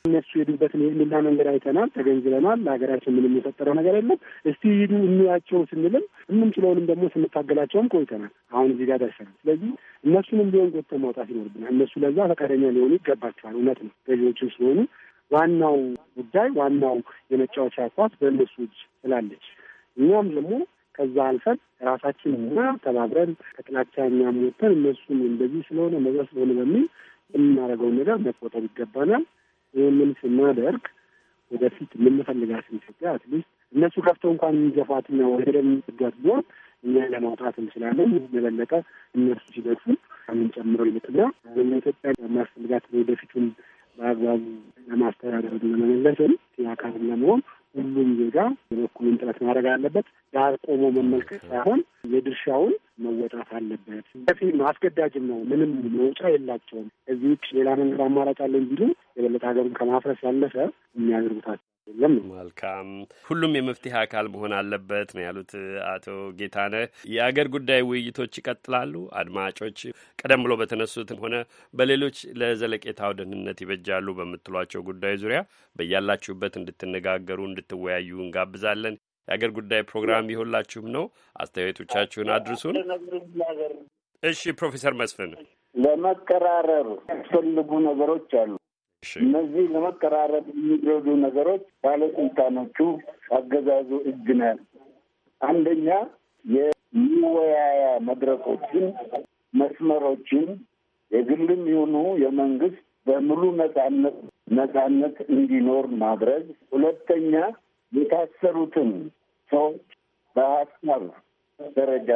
F: እነሱ የሄዱበትን የእልላ መንገድ አይተናል፣ ተገንዝበናል። ለሀገራችን ምንም የፈጠረው ነገር የለም። እስቲ ሂዱ እንያቸው ስንልም የምንችለውንም ደግሞ ስንታገላቸውም ቆይተናል። አሁን እዚህ ጋር ደርሰናል። ስለዚህ እነሱንም ቢሆን ጎተ ማውጣት ይኖርብናል። እነሱ ለዛ ፈቃደኛ ሊሆኑ ይገባቸዋል። እውነት ነው፣ ገዢዎችን ስለሆኑ ዋናው ጉዳይ ዋናው የመጫወቻ ኳስ በእነሱ እጅ ስላለች እኛም ደግሞ ከዛ አልፈን ራሳችን እና ተባብረን ከጥላቻ እኛም ወጥተን እነሱም እንደዚህ ስለሆነ እንደዛ ስለሆነ በሚል የምናደርገውን ነገር መቆጠብ ይገባናል። ይህንን ስናደርግ ወደፊት የምንፈልጋትን ኢትዮጵያ አትሊስት እነሱ ከፍተው እንኳን የሚገፋትና ወደ ደሚጋት ቢሆን እኛ ለማውጣት እንችላለን። የበለጠ እነሱ ሲደርሱ ጨምረው ይመጥና ኢትዮጵያ የሚያስፈልጋት ወደፊቱን በአግባቡ ለማስተዳደር ለመመለስም የአካልም ለመሆን ሁሉም ዜጋ የበኩሉን ጥረት ማድረግ አለበት። ዳር ቆሞ መመልከት ሳይሆን የድርሻውን መወጣት አለበት። በፊ አስገዳጅም ነው። ምንም መውጫ የላቸውም። እዚህ ውጭ ሌላ መንገድ አማራጭ አለን ቢሉ የበለጠ ሀገሩን ከማፍረስ
E: ያለፈ የሚያደርጉታቸው የለም። መልካም ሁሉም የመፍትሄ አካል መሆን አለበት ነው ያሉት አቶ ጌታነህ። የአገር ጉዳይ ውይይቶች ይቀጥላሉ። አድማጮች ቀደም ብሎ በተነሱትም ሆነ በሌሎች ለዘለቄታው ደህንነት ይበጃሉ በምትሏቸው ጉዳይ ዙሪያ በያላችሁበት እንድትነጋገሩ፣ እንድትወያዩ እንጋብዛለን። የአገር ጉዳይ ፕሮግራም የሁላችሁም ነው። አስተያየቶቻችሁን አድርሱን። እሺ ፕሮፌሰር መስፍን
F: ለመቀራረብ ያስፈልጉ ነገሮች አሉ እነዚህ ለመቀራረብ የሚረዱ ነገሮች ባለስልጣኖቹ አገዛዙ እጅ ነ አንደኛ የሚወያያ መድረኮችን፣ መስመሮችን የግልም ይሁኑ የመንግስት በሙሉ ነጻነት ነጻነት እንዲኖር ማድረግ። ሁለተኛ የታሰሩትን ሰዎች በሀሳብ ደረጃ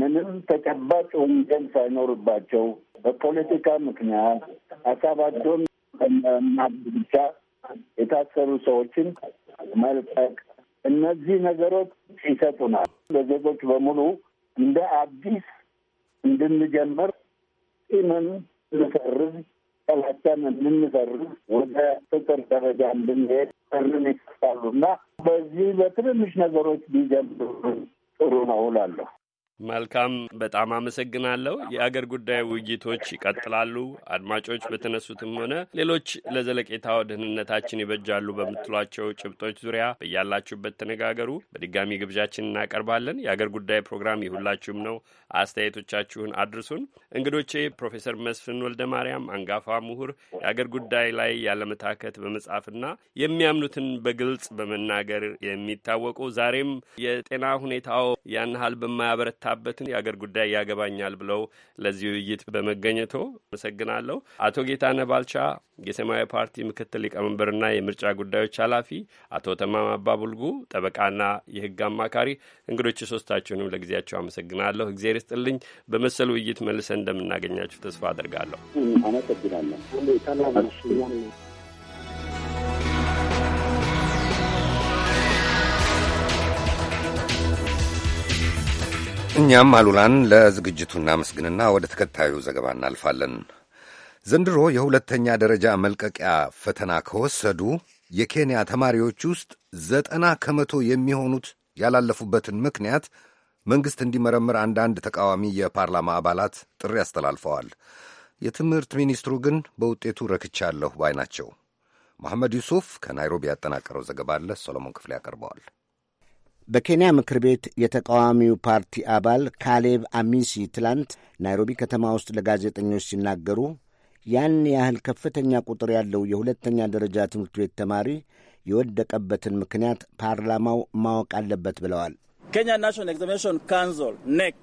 F: ምንም ተጨባጭ ወንጀል ሳይኖርባቸው በፖለቲካ ምክንያት ሀሳባቸውን እና ብቻ የታሰሩ ሰዎችን መልቀቅ እነዚህ ነገሮች ይሰጡናል። ለዜጎች በሙሉ እንደ አዲስ እንድንጀምር ጢምን እንሰርዝ፣ ጠላቻን እንድንሰርዝ፣ ወደ ፍቅር ደረጃ እንድንሄድ ፍርን ይሰጣሉ እና በዚህ በትንንሽ ነገሮች ቢጀምሩ ጥሩ ነው እላለሁ።
E: መልካም፣ በጣም አመሰግናለሁ። የአገር ጉዳይ ውይይቶች ይቀጥላሉ። አድማጮች በተነሱትም ሆነ ሌሎች ለዘለቄታው ደህንነታችን ይበጃሉ በምትሏቸው ጭብጦች ዙሪያ በያላችሁበት ተነጋገሩ። በድጋሚ ግብዣችን እናቀርባለን። የአገር ጉዳይ ፕሮግራም የሁላችሁም ነው። አስተያየቶቻችሁን አድርሱን። እንግዶቼ ፕሮፌሰር መስፍን ወልደ ማርያም አንጋፋ ምሁር፣ የአገር ጉዳይ ላይ ያለመታከት በመጻፍና የሚያምኑትን በግልጽ በመናገር የሚታወቁ ዛሬም የጤና ሁኔታው ያን ያህል በማያበረታ የተበረታበትን የአገር ጉዳይ ያገባኛል ብለው ለዚህ ውይይት በመገኘቶ አመሰግናለሁ። አቶ ጌታነ ባልቻ የሰማያዊ ፓርቲ ምክትል ሊቀመንበርና የምርጫ ጉዳዮች ኃላፊ፣ አቶ ተማም አባቡልጉ ጠበቃና የህግ አማካሪ እንግዶች ሶስታችሁንም ለጊዜያቸው አመሰግናለሁ። እግዜር ይስጥልኝ። በመሰሉ ውይይት መልሰን እንደምናገኛችሁ ተስፋ አድርጋለሁ።
F: አመሰግናለሁ።
A: እኛም አሉላን ለዝግጅቱ እናመስግንና ወደ ተከታዩ ዘገባ እናልፋለን። ዘንድሮ የሁለተኛ ደረጃ መልቀቂያ ፈተና ከወሰዱ የኬንያ ተማሪዎች ውስጥ ዘጠና ከመቶ የሚሆኑት ያላለፉበትን ምክንያት መንግሥት እንዲመረምር አንዳንድ ተቃዋሚ የፓርላማ አባላት ጥሪ አስተላልፈዋል። የትምህርት ሚኒስትሩ ግን በውጤቱ ረክቻለሁ ባይ ናቸው። መሐመድ ዩሱፍ ከናይሮቢ ያጠናቀረው ዘገባ አለ። ሰሎሞን ክፍሌ ያቀርበዋል።
K: በኬንያ ምክር ቤት የተቃዋሚው ፓርቲ አባል ካሌብ አሚሲ ትላንት ናይሮቢ ከተማ ውስጥ ለጋዜጠኞች ሲናገሩ ያን ያህል ከፍተኛ ቁጥር ያለው የሁለተኛ ደረጃ ትምህርት ቤት ተማሪ የወደቀበትን ምክንያት ፓርላማው ማወቅ አለበት ብለዋል።
C: ኬንያ ናሽናል ካውንስል ኔክ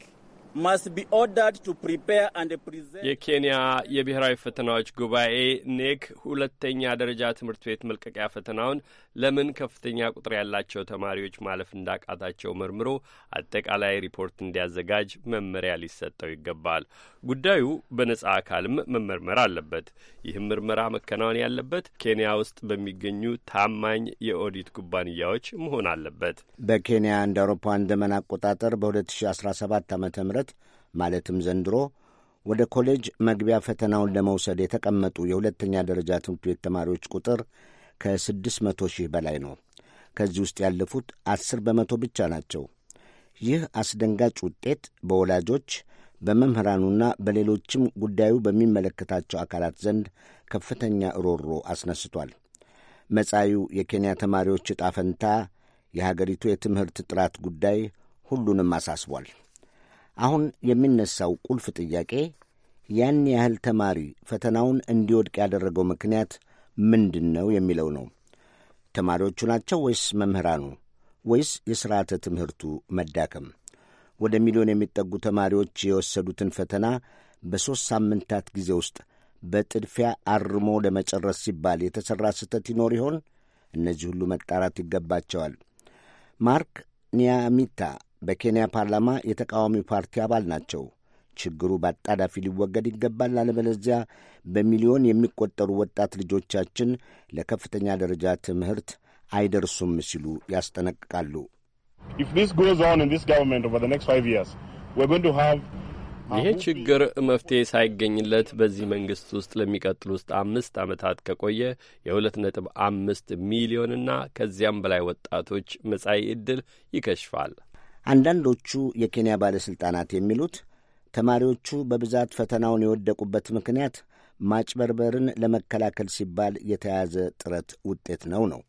E: የኬንያ የብሔራዊ ፈተናዎች ጉባኤ ኔክ ሁለተኛ ደረጃ ትምህርት ቤት መልቀቂያ ፈተናውን ለምን ከፍተኛ ቁጥር ያላቸው ተማሪዎች ማለፍ እንዳቃታቸው መርምሮ አጠቃላይ ሪፖርት እንዲያዘጋጅ መመሪያ ሊሰጠው ይገባል። ጉዳዩ በነጻ አካልም መመርመር አለበት። ይህም ምርመራ መከናወን ያለበት ኬንያ ውስጥ በሚገኙ ታማኝ የኦዲት ኩባንያዎች መሆን አለበት።
K: በኬንያ እንደ አውሮፓውያን ዘመን አቆጣጠር በ2017 ዓ ም ማለትም ዘንድሮ ወደ ኮሌጅ መግቢያ ፈተናውን ለመውሰድ የተቀመጡ የሁለተኛ ደረጃ ትምህርት ቤት ተማሪዎች ቁጥር ከ600 ሺህ በላይ ነው። ከዚህ ውስጥ ያለፉት 10 በመቶ ብቻ ናቸው። ይህ አስደንጋጭ ውጤት በወላጆች በመምህራኑና በሌሎችም ጉዳዩ በሚመለከታቸው አካላት ዘንድ ከፍተኛ ሮሮ አስነስቷል። መጻዩ የኬንያ ተማሪዎች ዕጣ ፈንታ፣ የሀገሪቱ የትምህርት ጥራት ጉዳይ ሁሉንም አሳስቧል። አሁን የሚነሳው ቁልፍ ጥያቄ ያን ያህል ተማሪ ፈተናውን እንዲወድቅ ያደረገው ምክንያት ምንድን ነው የሚለው ነው። ተማሪዎቹ ናቸው ወይስ መምህራኑ ወይስ የሥርዓተ ትምህርቱ መዳከም? ወደ ሚሊዮን የሚጠጉ ተማሪዎች የወሰዱትን ፈተና በሦስት ሳምንታት ጊዜ ውስጥ በጥድፊያ አርሞ ለመጨረስ ሲባል የተሠራ ስህተት ይኖር ይሆን? እነዚህ ሁሉ መጣራት ይገባቸዋል። ማርክ ኒያሚታ በኬንያ ፓርላማ የተቃዋሚው ፓርቲ አባል ናቸው። ችግሩ በአጣዳፊ ሊወገድ ይገባል። አለበለዚያ በሚሊዮን የሚቆጠሩ ወጣት ልጆቻችን ለከፍተኛ ደረጃ ትምህርት አይደርሱም ሲሉ ያስጠነቅቃሉ።
E: ይሄ ችግር መፍትሄ ሳይገኝለት በዚህ መንግስት ውስጥ ለሚቀጥሉ ውስጥ አምስት ዓመታት ከቆየ የሁለት ነጥብ አምስት ሚሊዮንና ከዚያም በላይ ወጣቶች መጻኢ ዕድል ይከሽፋል።
K: አንዳንዶቹ የኬንያ ባለሥልጣናት የሚሉት ተማሪዎቹ በብዛት ፈተናውን የወደቁበት ምክንያት ማጭበርበርን ለመከላከል ሲባል የተያዘ ጥረት ውጤት ነው ነው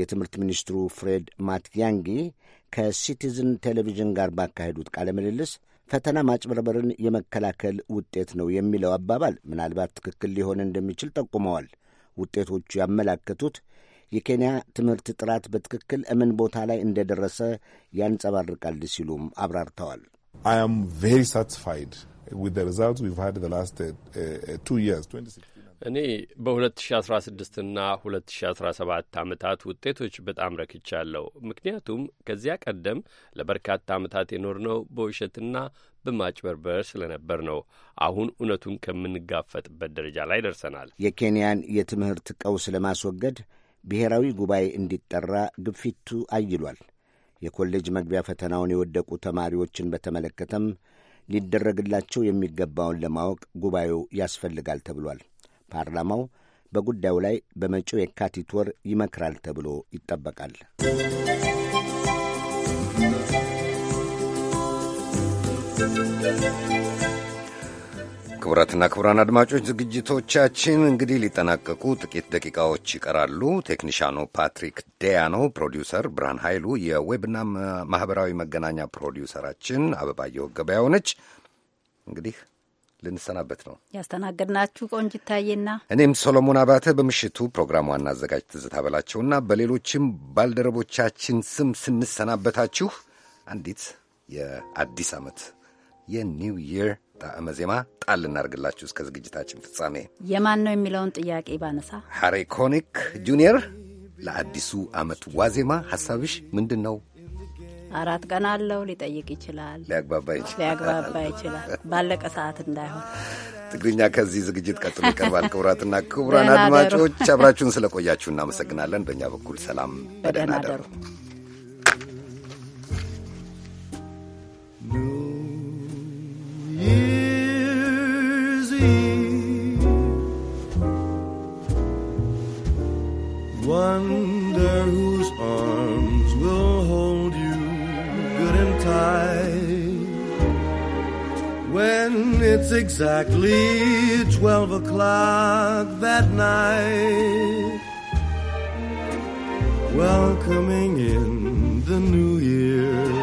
K: የትምህርት ሚኒስትሩ ፍሬድ ማትያንጊ ከሲቲዝን ቴሌቪዥን ጋር ባካሄዱት ቃለ ምልልስ ፈተና ማጭበርበርን የመከላከል ውጤት ነው የሚለው አባባል ምናልባት ትክክል ሊሆን እንደሚችል ጠቁመዋል። ውጤቶቹ ያመላከቱት የኬንያ ትምህርት ጥራት በትክክል እምን ቦታ ላይ እንደደረሰ ያንጸባርቃል ሲሉም አብራርተዋል። I
J: am very satisfied with the results we've had the last uh, uh, two years,
E: እኔ በ2016 እና 2017 ዓመታት ውጤቶች በጣም ረክቻለሁ። ምክንያቱም ከዚያ ቀደም ለበርካታ ዓመታት የኖርነው በውሸትና በማጭበርበር ስለነበር ነው። አሁን እውነቱን ከምንጋፈጥበት ደረጃ ላይ ደርሰናል።
K: የኬንያን የትምህርት ቀውስ ለማስወገድ ብሔራዊ ጉባኤ እንዲጠራ ግፊቱ አይሏል። የኮሌጅ መግቢያ ፈተናውን የወደቁ ተማሪዎችን በተመለከተም ሊደረግላቸው የሚገባውን ለማወቅ ጉባኤው ያስፈልጋል ተብሏል። ፓርላማው በጉዳዩ ላይ በመጪው የካቲት ወር ይመክራል ተብሎ ይጠበቃል።
A: ክቡራትና ክቡራን አድማጮች ዝግጅቶቻችን እንግዲህ ሊጠናቀቁ ጥቂት ደቂቃዎች ይቀራሉ። ቴክኒሻኑ ፓትሪክ ዴያኖ፣ ፕሮዲውሰር ብርሃን ኃይሉ፣ የዌብና ማህበራዊ መገናኛ ፕሮዲውሰራችን አበባየሁ ገበያው ነች። እንግዲህ ልንሰናበት ነው።
B: ያስተናገድናችሁ ቆንጂት ታዬና
A: እኔም ሶሎሞን አባተ በምሽቱ ፕሮግራም ዋና አዘጋጅ ትዝታ በላቸውና በሌሎችም ባልደረቦቻችን ስም ስንሰናበታችሁ አንዲት የአዲስ ዓመት የኒው ይር ጣዕመ ዜማ ጣል እናርግላችሁ እስከ ዝግጅታችን ፍጻሜ
B: የማን ነው የሚለውን ጥያቄ ባነሳ
A: ሃሬ ኮኒክ ጁኒየር ለአዲሱ ዓመት ዋዜማ ሐሳብሽ ምንድን ነው?
B: አራት ቀን አለው። ሊጠይቅ ይችላል። ሊያግባባ ይችላል። ባለቀ ሰዓት እንዳይሆን
A: ትግርኛ ከዚህ ዝግጅት ቀጥሎ ይቀርባል። ክቡራትና ክቡራን አድማጮች አብራችሁን ስለቆያችሁ እናመሰግናለን። በእኛ በኩል ሰላም፣
C: በደህና ደሩ።
G: Year's
D: Eve. Wonder whose arms will hold you
A: good and tight when it's exactly twelve o'clock that night. Welcoming in the new year.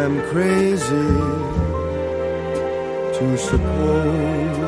A: I'm crazy to suppose